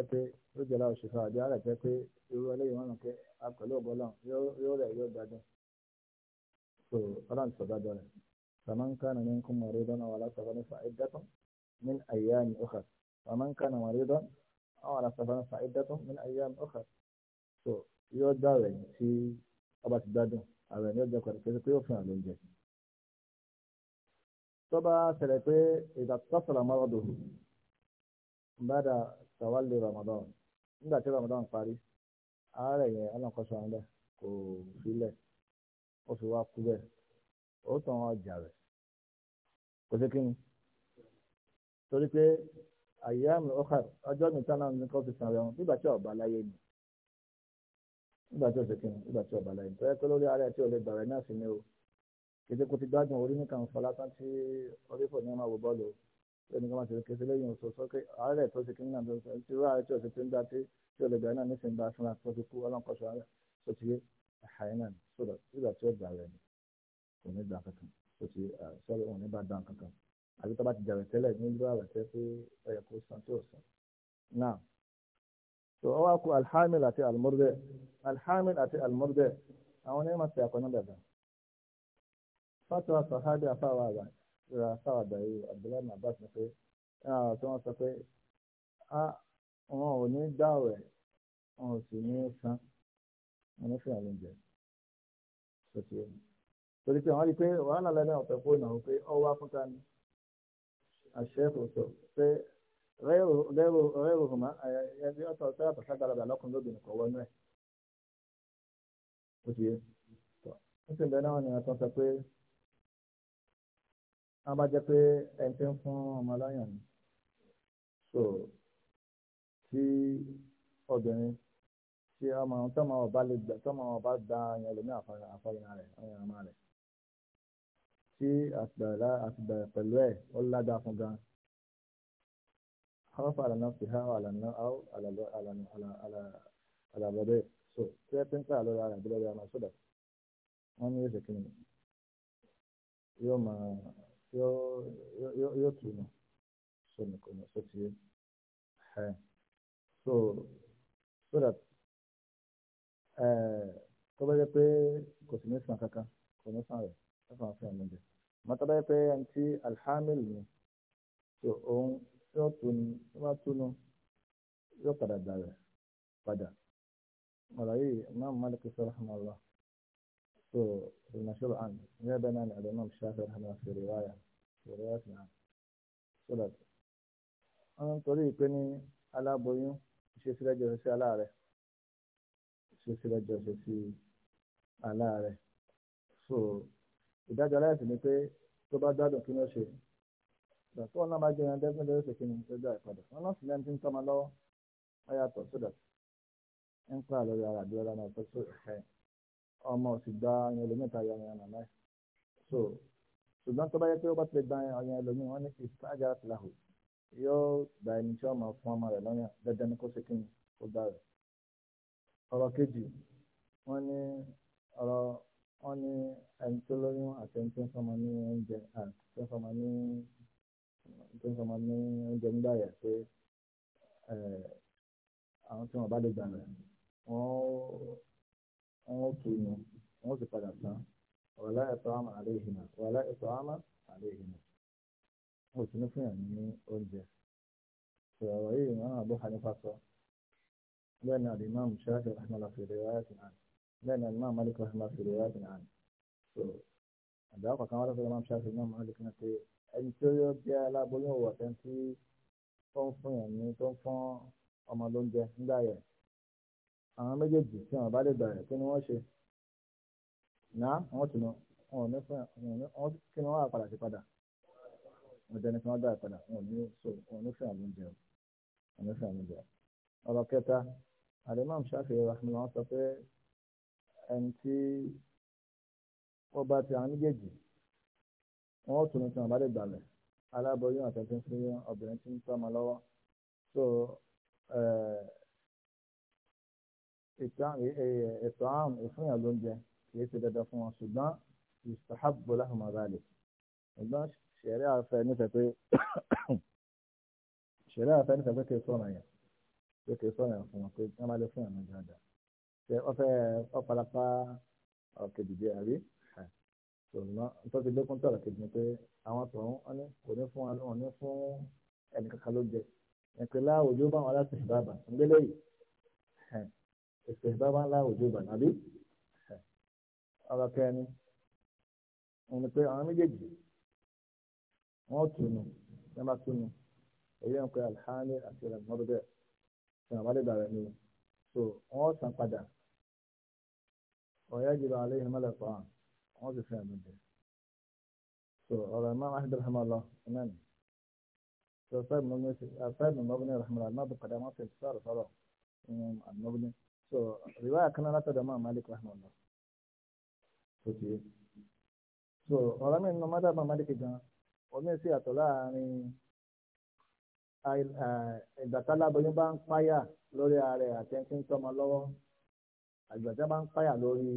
aláyẹ̀ pé pé irú ẹlẹ́yìn wọn kẹ pẹ̀lú ọ̀bọ̀lọ́n yóò rẹ̀ yóò gbádùn so ọlọ́run sọ gbádùn rẹ̀ فمن كان منكم مريضا أو على سفر فعدة من أيام أخر فمن كان مريضا أو على سفر فعدة من أيام أخر so yóò dá rẹ̀ tí ọba ti gbádùn àwẹ̀ ní ọjọ́ kọ̀ọ̀kan kí ó fún àlọ́ oúnjẹ. tó bá ṣẹlẹ̀ pé ìdàtọ́sọ̀rọ̀ mọ́rọ̀dọ̀ àárẹ̀ yẹn ọlọ́kọ̀ọ́sọ àwọn bẹ́ẹ̀ kò sílẹ̀ ó fi wá kú bẹ́ẹ̀ ó tàn ọjà rẹ̀ kò sí kí ni torí pé àyè àmì ọkà ọjọ́ mi tán náà ní kó fi sàn rẹ̀ wọn nígbà tí ọba láyé ni nígbà tí ọ̀sẹ̀ kìnnì nígbà tí ọba láyé ni tọ́yẹ́ pé lórí ara ẹ̀ tí o lè bàrẹ̀ náà sí ni o kété kó ti gbádùn orí nìkan fọlá tán tí orí fò ní ọmọ àwò bọ́ọ̀lù lẹ́nu kí wọ́n ti kété lẹ́yìn oṣù sókè àárẹ̀ tó ṣe kìnnì náà tó ṣe irú àárẹ̀ tí ọ̀sẹ̀ ti ń dá sí tí olùgbà náà nísìnyí bá fúnra tó ti kú ọlọ́nkọ́sọ rẹ̀ tó ti àhàyè náà sódà sígbà tí ó gbà rẹ̀ ni kò ní gbà kankan tó ti sọ́dọ̀ òun ní bá dán kankan àbí tó bá ti jàrẹ̀ tẹ́lẹ̀ ní ìlú àrẹ̀ tẹ́ pé ẹ̀yẹ kò san tí ò san. náà tó ọ wá kú alhamil àti almurde alhamil àti almurde àwọn onímọ̀ sí àkọ́nà dàda fatuwa sahabi afáwa àgbà ìrà afáwa àgbà yìí abdullahi abbas ní pé tí wọ́n sọ pé ah, wọn ò ní gbàwẹ̀ wọn ò sì ní san wọn ní fìyà lóúnjẹ sọtì ẹni torí pé àwọn rí i pé wàhálà lẹ́nu ọ̀pẹ fóònù àwọn pé ọ wá fúnta ni àṣẹ kò sọ pé rẹ́rù rẹ́rù rẹ́rù hùmá ẹni ọ̀tọ̀ ọ̀tọ̀ àbàṣà gbàlagbà lọ́kùnrin lóbìnrin kọ̀ wọnú ẹ̀ sọtì ẹni tọ́ ó sì bẹ́ẹ̀ náà ni wọ́n sọ pé wọ́n bá jẹ́ pé ẹni tí ń fún ọmọ lọ́yàn ni sí obìnrin tí ọmọ tọmọ ọba lè gbà tọmọ ọba gba yẹn lómi àfọyín rẹ ọyàn ọmọ rẹ tí àtìbẹ̀rẹ̀ pẹ̀lú ẹ̀ ó ládàá fún gan. Harafa àlànà fi há àlànà áwò àlàbọ̀dẹ̀ so tí ẹ ti ń pẹ́ àlọ́ra rẹ̀ bílẹ̀ ọmọ sódà wọ́n ní yóò ṣe kíni yóò máa yóò tù nù so nìkan so tiẹ̀ so so that eh, tó bá jẹ́ pé kò sí ní sàn kankan kò ní sàn rẹ̀ ẹ̀fọn àti àmì jẹ àmọ́ tó bá jẹ́ pé ẹni alhamil ni so òun yóò tunu yóò bá tunu yóò padà gbà rẹ̀ padà ọ̀rọ̀ yìí imam malik sọ̀rọ̀ allah so ìrìnàṣọ́rọ̀ àn ní ẹ̀bẹ̀ náà ní ọ̀dọ̀ imam shafi rahman fi riwaya fi riwaya fi hàn so that wọ́n ń torí ìpè aláboyún ṣe sílẹ̀ jọ sí aláàrẹ̀ ṣe sílẹ̀ jọ sí aláàrẹ̀ so ìdájọ́ aláìsàn ni pé tó bá gbádùn kí ni ó ṣe ìgbàtí wọn náà bá jẹun ẹdẹgbẹ lórí ṣèké ni lójú àìpadà wọn náà sì lẹni tí ń tọmọ lọ́wọ́ wọn yàtọ̀ sódà ń pa lórí ara àdúrà lánàá ìfẹ́ tó ẹ ọmọ òsì gba ọyàn ẹlòmíì ya ọyàn nàná ẹ so ṣùgbọ́n tó bá yẹ pé ó bá ti gba ọyàn ẹlòmíì wọn ní kí sáájà láhùn yóò gba ẹni tí wọ́n máa fún ọmọ rẹ̀ lọ́yàn dandan ní kó ṣe kí ni kó gbà rẹ̀. ọ̀rọ̀ kejì wọ́n ní ọ̀rọ̀ wọ́n ní ẹni tó lóyún àti ẹni tó ń fọmọ ní oúnjẹ àti tó ń fọmọ ní tó ń fọmọ ní oúnjẹ nígbà yẹn pé àwọn tí wọ́n bá lè gbà rẹ̀ wọ́n ó kì í nu wọ́n ó sì padà tán wàhálà ẹ̀tọ́ àmà àléhìnà wàhálà ẹ̀tọ́ àmà àléhìnà wọn ò sì ní fún yàn ní oúnjẹ ọ̀rọ̀ yìí ìmọ̀ àbọ̀ hanifa sọ bẹ́ẹ̀ náà imam shafi rahmalah fi riwayatin an bẹ́ẹ̀ náà imam malik rahmalah fi riwayatin an so àdáwọ̀ kankan wọ́n lọ́sọ̀rọ̀ imam shafi imam malik náà pé ẹni tí ó yọ jẹ́ aláboyún òwò àtẹn tí tó ń fún yàn ní tó ń fún ọmọ lóúnjẹ nígbà yẹn àwọn méjèèjì tí wọn bá lè bẹ̀rẹ̀ kí ni wọ́n ṣe náà wọ́n tún wọn ò ní fún yàn kí ni wọ́n á padà sí padà wọ́n jẹ́ ní kí wọ́n dá ìpadà wọn ní so wọn ní sàmì jẹ wọn ní sàmì jẹ. ọ̀rọ̀ kẹta alimam shafi rahman wọn sọ pé ẹni tí wọ́n bá ti àwọn méjèèjì wọn ó tún ní tí wọn gbàlẹ̀ aláboyún àtẹ̀tẹ̀ sí obìnrin tí ń tọ́mọ lọ́wọ́ so ètò àrùn ìfúnyà ló ń jẹ kì í ṣe dandan fún wọn ṣùgbọ́n yustahabbu lahum dhalik ṣùgbọ́n ṣẹ̀rí àfẹ́ nífẹ̀ẹ́ pé ṣẹ̀rí àfẹ́ nífẹ̀ẹ́ pé kì í sọ̀rọ̀ yẹn pé kì í sọ̀rọ̀ yẹn fún wọn pé wọ́n máa lè fún ẹ̀mí dáadáa ṣe ọ̀fẹ́ ọ̀pọ̀lọpọ̀ ọ̀kejìdì àrí ṣòwòmọ́ nítorí lókun tọ̀rọ̀ kejì ni pé àwọn tọ̀hún wọn ní kò ní fún wọn ní fún ẹnì kankan ló jẹ ìpínlẹ̀ àwùjọ bá wọn láti ìbábà ńgbélé yìí ìpèsèbábá ńlá òjò bànábí ọ̀rọ̀ kẹrin ni pé àwọn méjèèjì wọ́n tunu wọ́n bá tunu èyí ń pẹ́ alhali àti ìlànà ọdún bẹ́ẹ̀ tí wọ́n bá lè bàrẹ̀ ni so wọ́n san padà ọ̀yá jìbọn alẹ́ yìí mọ́lẹ̀ kọ́ wọ́n sì fi àmì jẹ so ọ̀rọ̀ ìmọ̀ ahmed rahman lọ iná ni so fẹ́ẹ̀ mọ́ mi fẹ́ẹ̀ mọ́ mi rahman alẹ́ náà padà wọ́n fi sọ̀rọ̀ sọ̀rọ̀ àmọ́bìnrin so rìwáyà kan náà látọ̀dọ̀ mọ́ malik rahman lọ so ọ̀rọ̀ mi nù mọ́tà mọ́ malik gan omi sì yàtọ̀ láàrin ìgbàtà lábọ́yún bá ń páyà lórí ààrẹ àti ẹni tí ń tọ́mọ lọ́wọ́ àgbàtà bá ń páyà lórí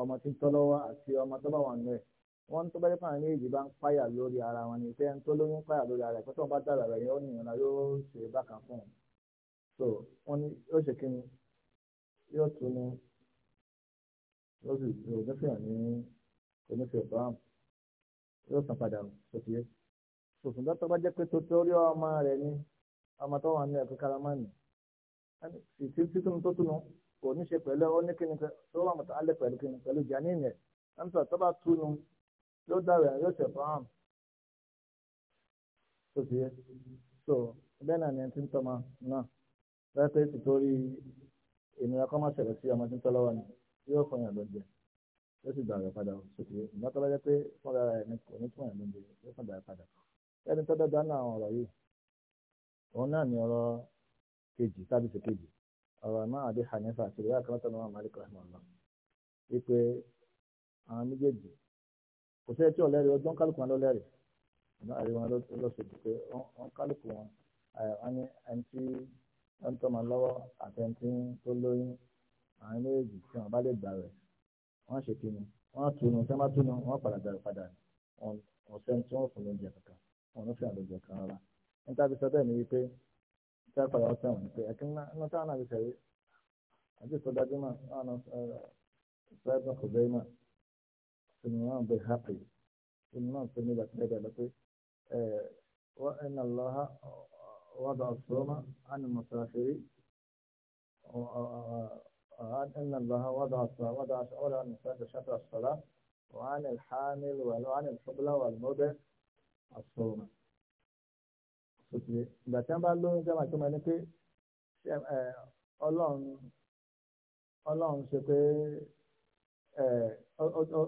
ọmọ tí ń tọ́ lọ́wọ́ àti ọmọ tó bá wà nù ẹ̀ wọ́n tó bá yẹ fáwọn méjì bá ń páyà lórí ara wọn ni ìfẹ́ ń tó lóyún páyà lórí ara ẹ̀ pé tóun bá dára rẹ̀ yóò nìyànjú yóò ṣe bákan fún un so wọ́n ní yóò ṣe kí ni yóò tún ní yóò sì onífẹ̀ẹ́ ní onífẹ̀ẹ́ báwọn yóò san padà o kò sí yé ṣùgbọ́n dọ́tọ̀ bá jẹ́ pé torí ọmọ rẹ̀ ni ọmọ tó wà ní ẹ̀kọ́ karamani títún tó túnú kò ní ṣe pẹ̀lú ó ní kíni tó wà mọ̀tò alẹ́ pẹ̀lú kíni pẹ̀lú janine ẹ̀ ń sọ tó bá túnú yóò dàrú yóò ṣe fọ́ọ̀m kò sí yé so bẹ́ẹ̀ náà ni ẹ̀ ti ń tọ́mọ náà bẹ́ẹ̀ pé tìtorí ènìyàn kọ́ máa ṣẹlẹ̀ sí ọmọ tí ń tọ́lọ́wọ́ ni yóò fọyín àgbẹ̀jẹ̀ yóò sì gbà rẹ̀ padà sókè ìgbà tó bá jẹ́ pé fúnra rẹ̀ ní kò ní túmọ̀ ẹ̀ lóde yóò fún gbà rẹ̀ padà ẹni tó dọ́gba náà àwọn ọ̀rọ̀ yìí òun náà ni ọ̀rọ̀ kejì sábìsì kejì ọ̀rọ̀ náà àbí hanifa àti ìwé àkàràtà náà malik rahmanullah wípé àwọn méjèèjì kò sí ẹtí ọ̀lẹ́rì ọjọ́ ń kálukú wọn lọ́lẹ́rì ọ̀nà àríwá lọ́sọ̀dù pé wọ́n kálukú wọn wọ́n ní ẹni tí wọ́n tọ́ ma lọ́wọ́ àti ẹni wọ́n ṣe kí ni wọ́n túnú tí wọ́n bá túnú wọ́n padà dàrú padà wọ́n sẹ́ni tí wọ́n fún lóúnjẹ kankan wọ́n ló fi àlòjọ kan rárá níta bí sọ́dọ̀ mi wípé tí a padà wọ́n sẹ́wọ̀n ni pé ẹ̀kí ńlá táwọn náà fi sẹ́yẹ àti ìsọdájú mà àwọn ṣáàbùn kò bẹ́ẹ̀ mà sínú náà bẹ́ẹ̀ hápì sínú náà tó nígbà tí bẹ́ẹ̀ lọ pé wọ́n ẹ̀ ń lọ́ wọ́n bá ọ̀ṣọ́ mà á ní mọ̀ أن الله وضع وضع شعور النساء شطر الصلاة وعن الحامل وعن الحبلة والموضع الصوم. ìgbà tí wọ́n bá lóyún jẹ́ màá tó máa ní pé ọlọ́run ọlọ́run ṣe pé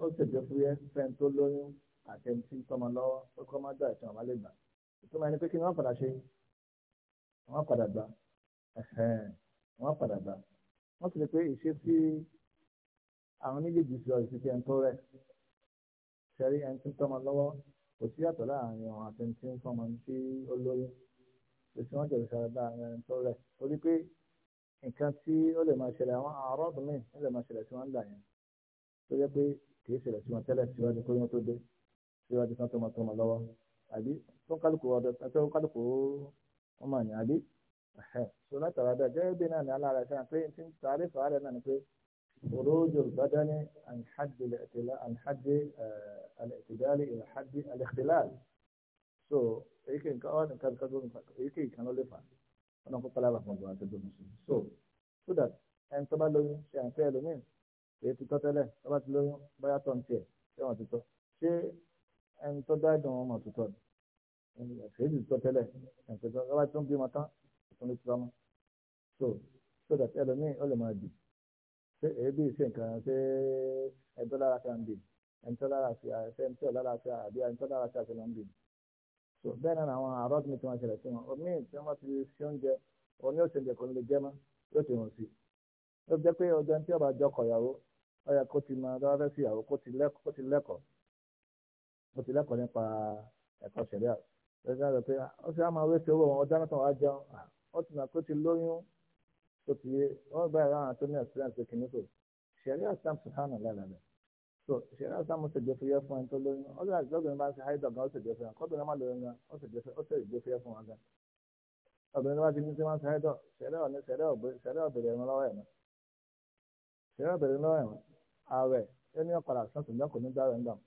ó ṣèjọ fúyẹ́ fẹ́ni tó lóyún àti ẹni tí tọmọ lọ́wọ́ ó kọ́ máa gbà ìtàn àmàlẹ́ gbà tó máa ní pé kí wọ́n padà ṣe wọ́n padà gbà wọ́n padà gbà wọ́n sì lè pé ìṣesí àwọn méjèèjì sọ ìṣesí ẹ̀ńtọ́ rẹ̀ ṣẹ́rí ẹni tí ń tọ́mọ lọ́wọ́ kò sí yàtọ̀ láàrin àwọn àti ẹni tí ń fọmọ ní sí olóyún kò sí wọ́n jẹ̀rọ sára láàrin ẹ̀ńtọ́ rẹ̀ torí pé nǹkan tí ó lè máa ṣẹlẹ̀ àwọn àárọ̀ míì ó lè máa ṣẹlẹ̀ tí wọ́n ń dà yẹn tó jẹ́ pé kì ṣẹlẹ̀ tí wọ́n tẹ́lẹ̀ síwájú kó yẹn tó dé síwájú kan tó máa lọ́wọ́ àbí so látara bẹ́ẹ̀ gẹ́gẹ́ bí náà ní alára ṣe pé tí ń sáré sáré náà ni pé òrójò ìbádání àǹhàdé àlẹ́tìdálé ìhàdé àlẹ́tìláàlì so èyíkè nǹkan wọn nǹkan kan tó nǹkan èyíkè nǹkan ló lè fà ọ̀nà kó pálá àbàfọ̀ ọ̀gbọ̀n àti ọ̀gbọ̀n sí so so that ẹn tó bá lóyún ṣe àǹfẹ́ ẹlòmíì èyí ti tọ́ tẹ́lẹ̀ tó bá ti lóyún bóyá tọ́ ń tiẹ̀ ṣé wọ́n ti tọ́ ṣé ẹn tó dá ìdùn wọn mọ̀ tó tọ́ ni èyí ti tọ́ tẹ́lẹ̀ ẹn tó bá tún bímọ tán ìfúnni tí wọ́n mọ̀ so so that ẹlòmíì ó lè máa bì ṣé èébì ṣe nǹkan ṣé ẹjọ́ lára kan bì ẹjọ́ lára fi ṣe ẹjọ́ lára fi àbí ẹjọ́ lára fi àfihàn bì so bẹ́ẹ̀ náà àwọn àrọ́ mi tí wọ́n ṣẹlẹ̀ sí wọn omi tí wọ́n ti ṣe oúnjẹ oní òṣèlú kò ní lè jẹ́ mọ́ yóò ti hàn sí i ó jẹ́ pé ọjọ́ tí ọba jọkọ̀ ìyàwó ó yẹ kó ti máa lọ́wọ́ fẹ́ sí ìyàwó kó ti lẹ́kọ̀ọ́ kó ti lẹ́kọ̀ọ́ nípa ẹ̀kọ́ ṣẹ̀ríà ó sì á máa wé sí owó wọn ọjọ́ náà tó wá jẹun wọ́n ti mọ̀ pé ti lóyún tó ti yé wọ́n bá ẹ̀rọ àwọn tó ní experience kìíní kò ṣẹ̀rí àsàm sùhánà lálẹ́ so ṣẹ̀rí àsàm ó ṣègbè fúyẹ́ fún ẹni tó lóyún ó lọ́ọ́ àti lọ́gbìn bá ń ṣe háìdọ̀ gan ó ṣègbè fúyẹ́ kọ́bìnrin má lóyún gan ó ṣègbè fúyẹ́ fún wọn gan obìnrin bá ti ní tí wọ́n ṣe háìdọ̀ ṣẹ̀rí ọ̀ ní ṣẹ̀rí ọ̀bẹ̀rẹ̀ ẹ̀rọ lọ́wọ́ ẹ̀mọ́ ṣẹ̀rí ọ̀bẹ̀rẹ̀ lọ́wọ́ ẹ̀mọ́ ààrẹ ó ní ọ̀pọ̀ àṣà ṣùgbọ́n kò ní gbá rẹ̀ ń dàn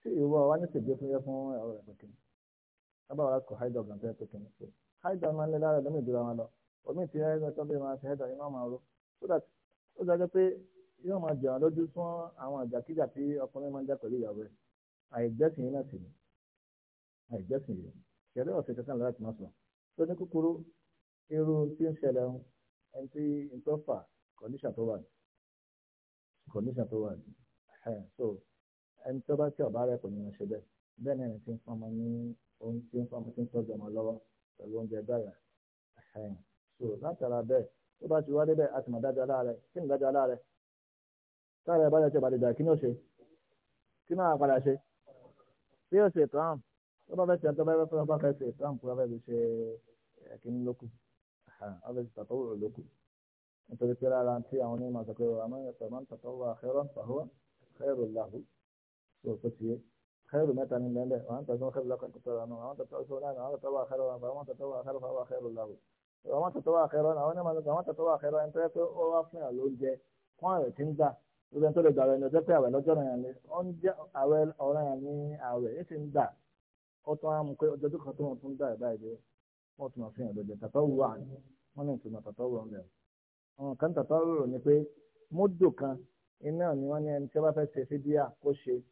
sí ìwọ wa ní ṣègbè fúyẹ́ fún ẹ̀rọ rẹ̀ pẹ̀kìn haida máa ń lé lára ẹlòmíì ìdúrà wọn lọ omi ti rẹ́ ẹgbẹ́ tó máa ṣe ẹ̀dọ̀ iná máa ro so that ó dájọ́ pé yóò máa jẹun lójú fún àwọn àjàkíjà tí ọkùnrin máa ń jà pẹ̀lú ìyàwó ẹ̀ àìgbẹ́sìn yìí náà sì ni àìgbẹ́sìn yìí ṣẹlẹ̀ ọ̀sẹ̀ kankan láti máa sọ tó ní kúkúrú irú tí ń ṣẹlẹ̀ ẹni tí ń tó fà condition tó wà ní condition tó wà ní so ẹni tó bá tí ọ̀bá rẹ̀ kò ní máa ṣe bẹ́ẹ̀ bẹ́ẹ̀ ni ẹni tí ń fọmọ ní ohun tí ń fọmọ tí ń tọ́jú ọmọ lọ́wọ́ pẹ̀lú oúnjẹ báyà ẹ̀hìn so látara bẹ́ẹ̀ tó bá ti wá débẹ̀ a sì mọ̀ dájọ́ aláàrẹ kí ni dájọ́ aláàrẹ sáré bá yọjọ́ ìbàdàn ìdàkí ní òṣè kí náà padà ṣe bí yóò ṣe tram tó bá fẹ́ ṣe tó bá fẹ́ fẹ́ bá fẹ́ ṣe tram kó bá fẹ́ fi ṣe ẹ̀kíní lókù wọ́n fẹ́ ṣe tàtọ́wò lókù nítorí pé rárá tí àwọn onímọ̀ sọ pé àmọ́ ìyàtọ̀ máa ń tàtọ́wò àkẹ́rọ̀ pàhọ́ kẹ́rù làhù tó ti yé خير ما تعمل لله وأنت تزوج خير لك أن تتبع عنه وأنت تتبع عنه وأنت تتبع خير وأنت تتبع خير فهو خير له وأنت تتبع خير وأنا ما وأنت تتبع خير أنت هو أفنى لو جاء كون تنزع lórí ẹni tó lè gbà wẹ̀ ní ọjọ́ pé àwẹ̀ lọ́jọ́ náà yàn ní ó ń jẹ́ àwẹ̀ ọ̀rọ̀ yàn ní àwẹ̀ yìí ti ń dà ó tún á mú pé ọjọ́ tó kan tó wọn tún dà báyìí dé wọ́n tún àfihàn ìdọ̀jẹ̀ tàtọ́ wù wà ní wọ́n ní ìtumọ̀ tàtọ́ wù ọ̀rọ̀ ọ̀rọ̀ kan tàtọ́ rò ní pé módò kan iná ni wọ́n ní ẹni tí wọ́n bá fẹ́ ṣe fídíà kó ṣe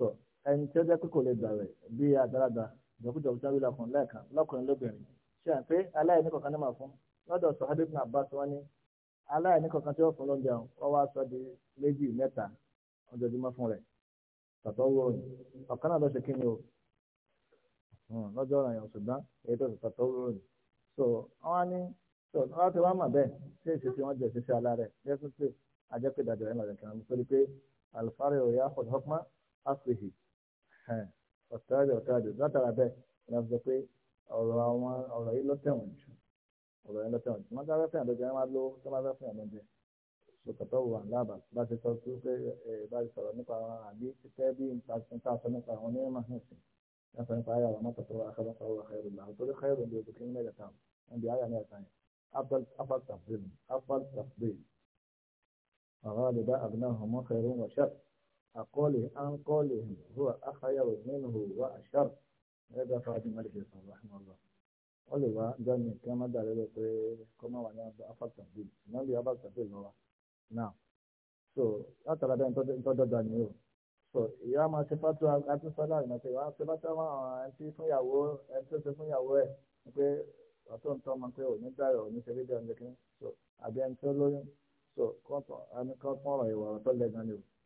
tó ẹni tí ó jẹ́ pé kò lè gbà rẹ̀ bí àgbàlagbà ìjọkújọ ìjáwé lakùn lẹ́ẹ̀kan lọ́kùnrin lóbìnrin ṣe à ń pé aláìní kankan ní màá fún lọ́dọ̀ sọ̀hábí ibn Abbas wọn ní aláìní kankan tí wọ́n fún lóúnjẹ wọn wá sọ di méjì mẹ́ta ọjọ́júmọ́ fún rẹ̀ tàtọ́ wúròyìn ọ̀kan náà lọ ṣe kí ni o hmm, lọ́jọ́ ọ̀ràn yẹn ṣùgbọ́n èyí tó tàtọ́ wúròyìn so wọ́n ní so wọ́n ti wá mà bẹ́ẹ̀ ṣé ìṣesí wọn jẹ́ ìṣesí alárẹ̀ jẹ́ sísè ajẹ́pẹ̀dàjọ́ ẹ̀ asèhì ọ̀tàdì ọ̀tàdì látara bẹ́ẹ̀ ni a sọ pé ọ̀rọ̀ àwọn ọ̀rọ̀ yìí lọ́tẹ̀wọ̀n jù ọ̀rọ̀ yìí lọ́tẹ̀wọ̀n jù mọ́tàlá fẹ́ràn lọ́jọ́ ẹ máa lo tó máa fẹ́ fẹ́ràn lọ́jọ́ sọ̀tọ̀tọ̀ wà lába bá ti sọ pé bá ti sọ̀rọ̀ nípa àwọn àbí títẹ́ bí nta sọ nípa àwọn onímọ̀ hàn sí nípa nípa ayé àwọn mọ́tò tó wà akẹ́lẹ́ fà wà xẹ́rù làwọn أقوله عن قولهم هو أخير منه وأشر هذا فاتم ملك الإسلام رحمه الله قالوا جاني كما دار كما وانا أفضل تنفيذ ما بي أفضل تنفيذ نوع نعم so láti ọ̀dọ̀ ẹni tó dọ́gba nìyó so ìyá máa ṣe fatu àtúnṣọlá ìmọ̀tẹ́ ìwà ṣe fatu àwọn ẹni tí fún ìyàwó ẹni tó ṣe fún ìyàwó ẹ̀ pé ọ̀tún tọ́ ma pé òní dáyọ̀ òní ṣe fídíò ẹni kí so àbí ẹni tó lóyún so kọ́ńtọ̀ ẹni kọ́ńtọ̀ ọ̀rọ̀ ìwà ọ̀tọ̀ lẹ́gàn ni o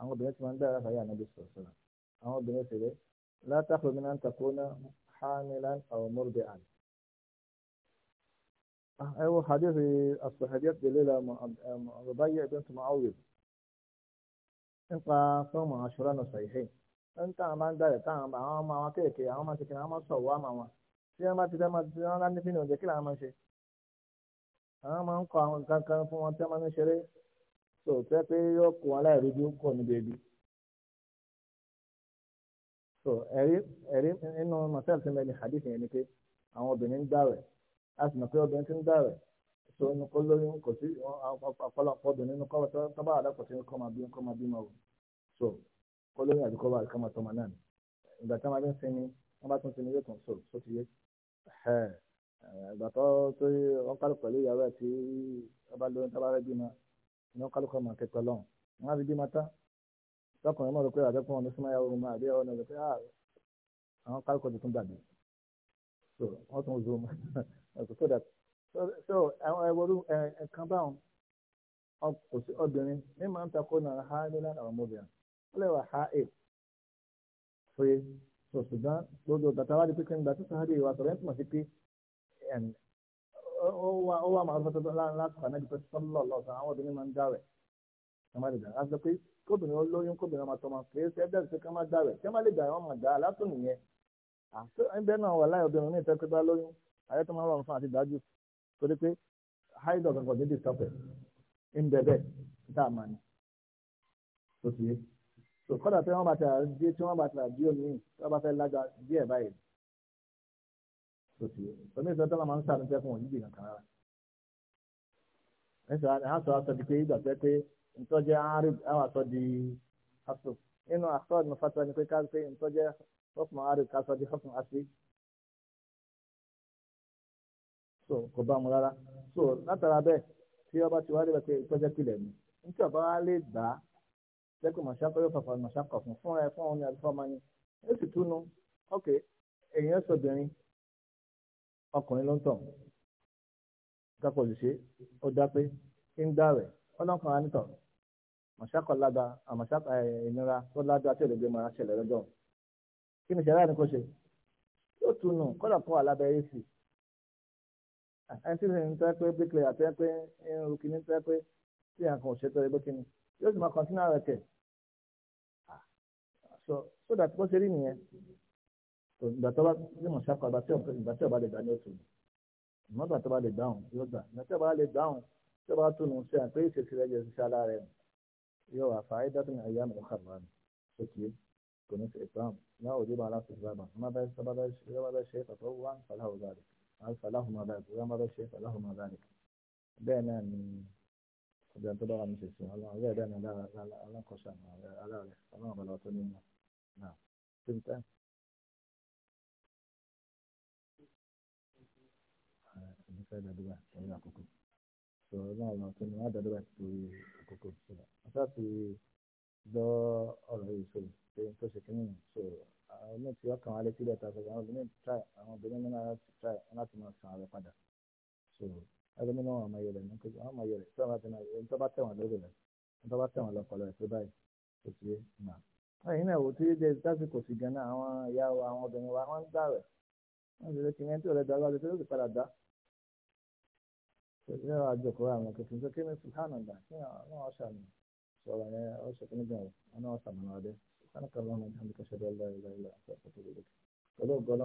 àwọn obìnrin tí wọ́n ń dára fàyà ànábì sọ̀rọ̀ sọ̀rọ̀ àwọn obìnrin sì rẹ̀ látàkùn mi náà ń takò náà hamilan aw murdi'an. Ah, ẹ wo hadith as-sahabiyyat dalila eh, Rubayya bint Mu'awwid nípa fọ́ọ̀mù aṣọ́ra náà sàyẹ̀hẹ́ ń tàn máa ń dára tàn àwọn ọmọ àwọn kéèké àwọn ọmọ kéèké àwọn ọmọ sọ̀wọ́ àmà wọn tí wọ́n bá ti dá máa ti wọ́n lá ní fínà òjò kí làwọn máa ṣe àwọn máa ń kọ àwọn nǹkan kan fún wọn tí wọ́n máa ń ṣeré tó o fẹ́ pé yóò kó aláìrojú kọ̀ níbi ebi tó ẹ̀rí ẹ̀rí nínú masal tí mẹ́lẹ̀ hadith yẹn ni pé àwọn obìnrin ń gbàwẹ̀ a sì mọ̀ pé obìnrin ti ń gbàwẹ̀ tó ní kó lóyún kò sí ọ̀pọ̀lọpọ̀ obìnrin nínú kọ́wọ́ tó àdàpọ̀ sí kọ́ máa bí kọ́ máa bí máa wò so kó lóyún àbí kọ́ bá àdàpọ̀ máa tọ́mọ náà ìgbà tí wọ́n bá ń sinmi wọ́n bá tún sinmi yóò tún so so ti yé ìgbà tó tó ọkọ̀ pẹ̀lú ìyàwó ẹ̀ tí ọba ní wọn kálukọ máa kẹtọ lọhùn wọn á fi bímọ tán lọkùnrin mọ̀ rò pé àbẹ́kùn ọ̀nà súnmọ́yà oorun máa àbí ọ̀nà rò pé ah, àwọn kálukọ tuntun dàbí so wọ́n tún zoom ẹ̀kọ́ so that so àwọn ẹ̀wọ̀rú ẹ̀kan báwọn obìnrin ní máa ń takò náà ha nílá àwọn ọmọbìnrin wọ́n wà ha eight so Sudan, gbogbo bàtà wá di pé kí n gbà tó sáré ìwà sọ̀rọ̀ ẹ̀ ń túmọ̀ sí pé ọwọ́ àwọn àmàlùfẹ́ lásìkò àná ìpè sọ́lọ̀ lọ́sàn àwọn obìnrin máa ń dáwẹ̀ ẹ má lè dà láti pé kóbìnrin olóyún kóbìnrin ọmọ tọmọ kì í ṣe ẹgbẹ́ ìṣe ká má dáwẹ̀ kí ẹ má lè dà wọn mà dá látò nìyẹn àti ẹgbẹ́ náà wà láì obìnrin ní ìtẹ́kẹ́ bá lóyún ayé tó máa ń rọrùn fún àti dájú torí pé haidọ̀ gangan ní dìtọ́pẹ̀ ń bẹ bẹ́ẹ̀ tá a máa ní tó ti yé kódà tí wọ́n bá ti àdé tí wọ́n bá o àdé òmíì tí wọ́n bá fẹ́ lága díẹ̀ báyìí tó ti omi ìsọ tọ́lá máa ń sàánú fẹ́ fún wọn níbi ìrìnkà rárá nítorí àwọn aṣọ aṣọ di pé ìgbà pé pé ntọ́jẹ́ àárín àwọn aṣọ di aṣọ nínú aṣọ ìmọ̀ fatwa so kò bá mu rárá so látara bẹ́ẹ̀ tí ọba ti wá rí bẹ́ẹ̀ pé ìtọ́jẹ́ pilẹ̀ ni nítorí ọba wa lè gbà á lẹ́kùn mọ̀ṣákọ́ yóò fàfà mọ̀ṣákọ̀ fún fúnra ẹ̀ fún òun ni àti fọ́ọ̀mà ni ó sì túnu ok èèyàn sọ̀bìnrin ọkùnrin ló ń tàn dápò òṣìṣẹ́ ó dápé ń dá rẹ̀ ọlọ́kàn á nítàn màṣákọ̀ lága àmàṣákọ̀ ìnira tó lága tí òdòdó máa ṣẹlẹ̀ lọ́jọ́ kí ni ìṣẹ̀lẹ̀ àníkó ṣe yóò túnú kọ́dà kọ́ alábẹ́ èsì ẹni tí ń tẹ́ pé bíkìlẹ̀ àti ẹ pé ń ru kìíní tẹ́ pé tí àǹkan òṣètò ẹgbẹ́ kìíní yóò sì máa kọ́ńtínà rẹ̀ tẹ̀ ah, so so that bó ṣe rí nìyẹn ìgbà tó bá ní mọ̀ṣáfà ìgbà tí ìgbà tí ọba lè gbà ní oṣù ìmọ̀ ìgbà tó bá lè dáhùn yóò gbà ìgbà tí ọba lè dáhùn tí ọba tó nù ṣe àpé ìṣèṣì rẹ yẹ ṣiṣẹ́ ara rẹ yóò wà fà áyé dátúnyà ayé àmì ọkà bá mi ó kì í kò ní ṣe ìfam náà òjò bá aláṣẹ ìfam má bá ṣe fàtọ́ wá fàláhù má dáre wá má bá ṣe fàláhù má dáre bẹ́ẹ̀ náà ni ọjà tó bá wà ní ṣèṣì ọlọ́run bẹ́ẹ̀ bẹ́ẹ̀ ni alákọ̀ọ́ṣà fẹ́ dàdúrà torí àkókò sọ ọlọ́run àwọn tó ní wọ́n á dàdúrà torí àkókò sọ̀rọ̀ ọ̀sá ti gbọ́ ọ̀rọ̀ yìí sọ̀rọ̀ pé tó ṣe kí nìyẹn sọ àwọn ọmọ tí wọ́n kàn wá létí lẹ́ta sọ̀rọ̀ àwọn obìnrin try àwọn obìnrin mìíràn láti try láti máa san ààrẹ padà sọ ẹgbẹ́ náà wọ́n máa yẹlẹ̀ ní pé wọ́n máa yẹlẹ̀ tí wọ́n bá tẹ̀wọ̀n lórí rẹ̀ tí wọ́n bá tẹ̀wọ̀n lọ́pọ̀lọ́ ẹ̀ tó báyìí kò sí náà ẹ̀yin náà wò tí dé lásìkò sí ganan àwọn ìyá wa àwọn obìnrin wa wọ́n ń dà rẹ̀ wọ́n ti lè kí ẹni tí ò lè dá lọ́dún tó lè padà ṣe wàá jòkó àwọn kẹfìn tó kí ni subhanallah kí wọn ọṣà ni sọ̀rọ̀ yẹn ọṣà kí ni gan o wọn náà ọṣà mọ ọdẹ sanni kan lọrùn ní àmì kẹsàn-án lọ ilẹ ilẹ àti ọṣà tó lè lè pẹ̀lú ọgọlọ.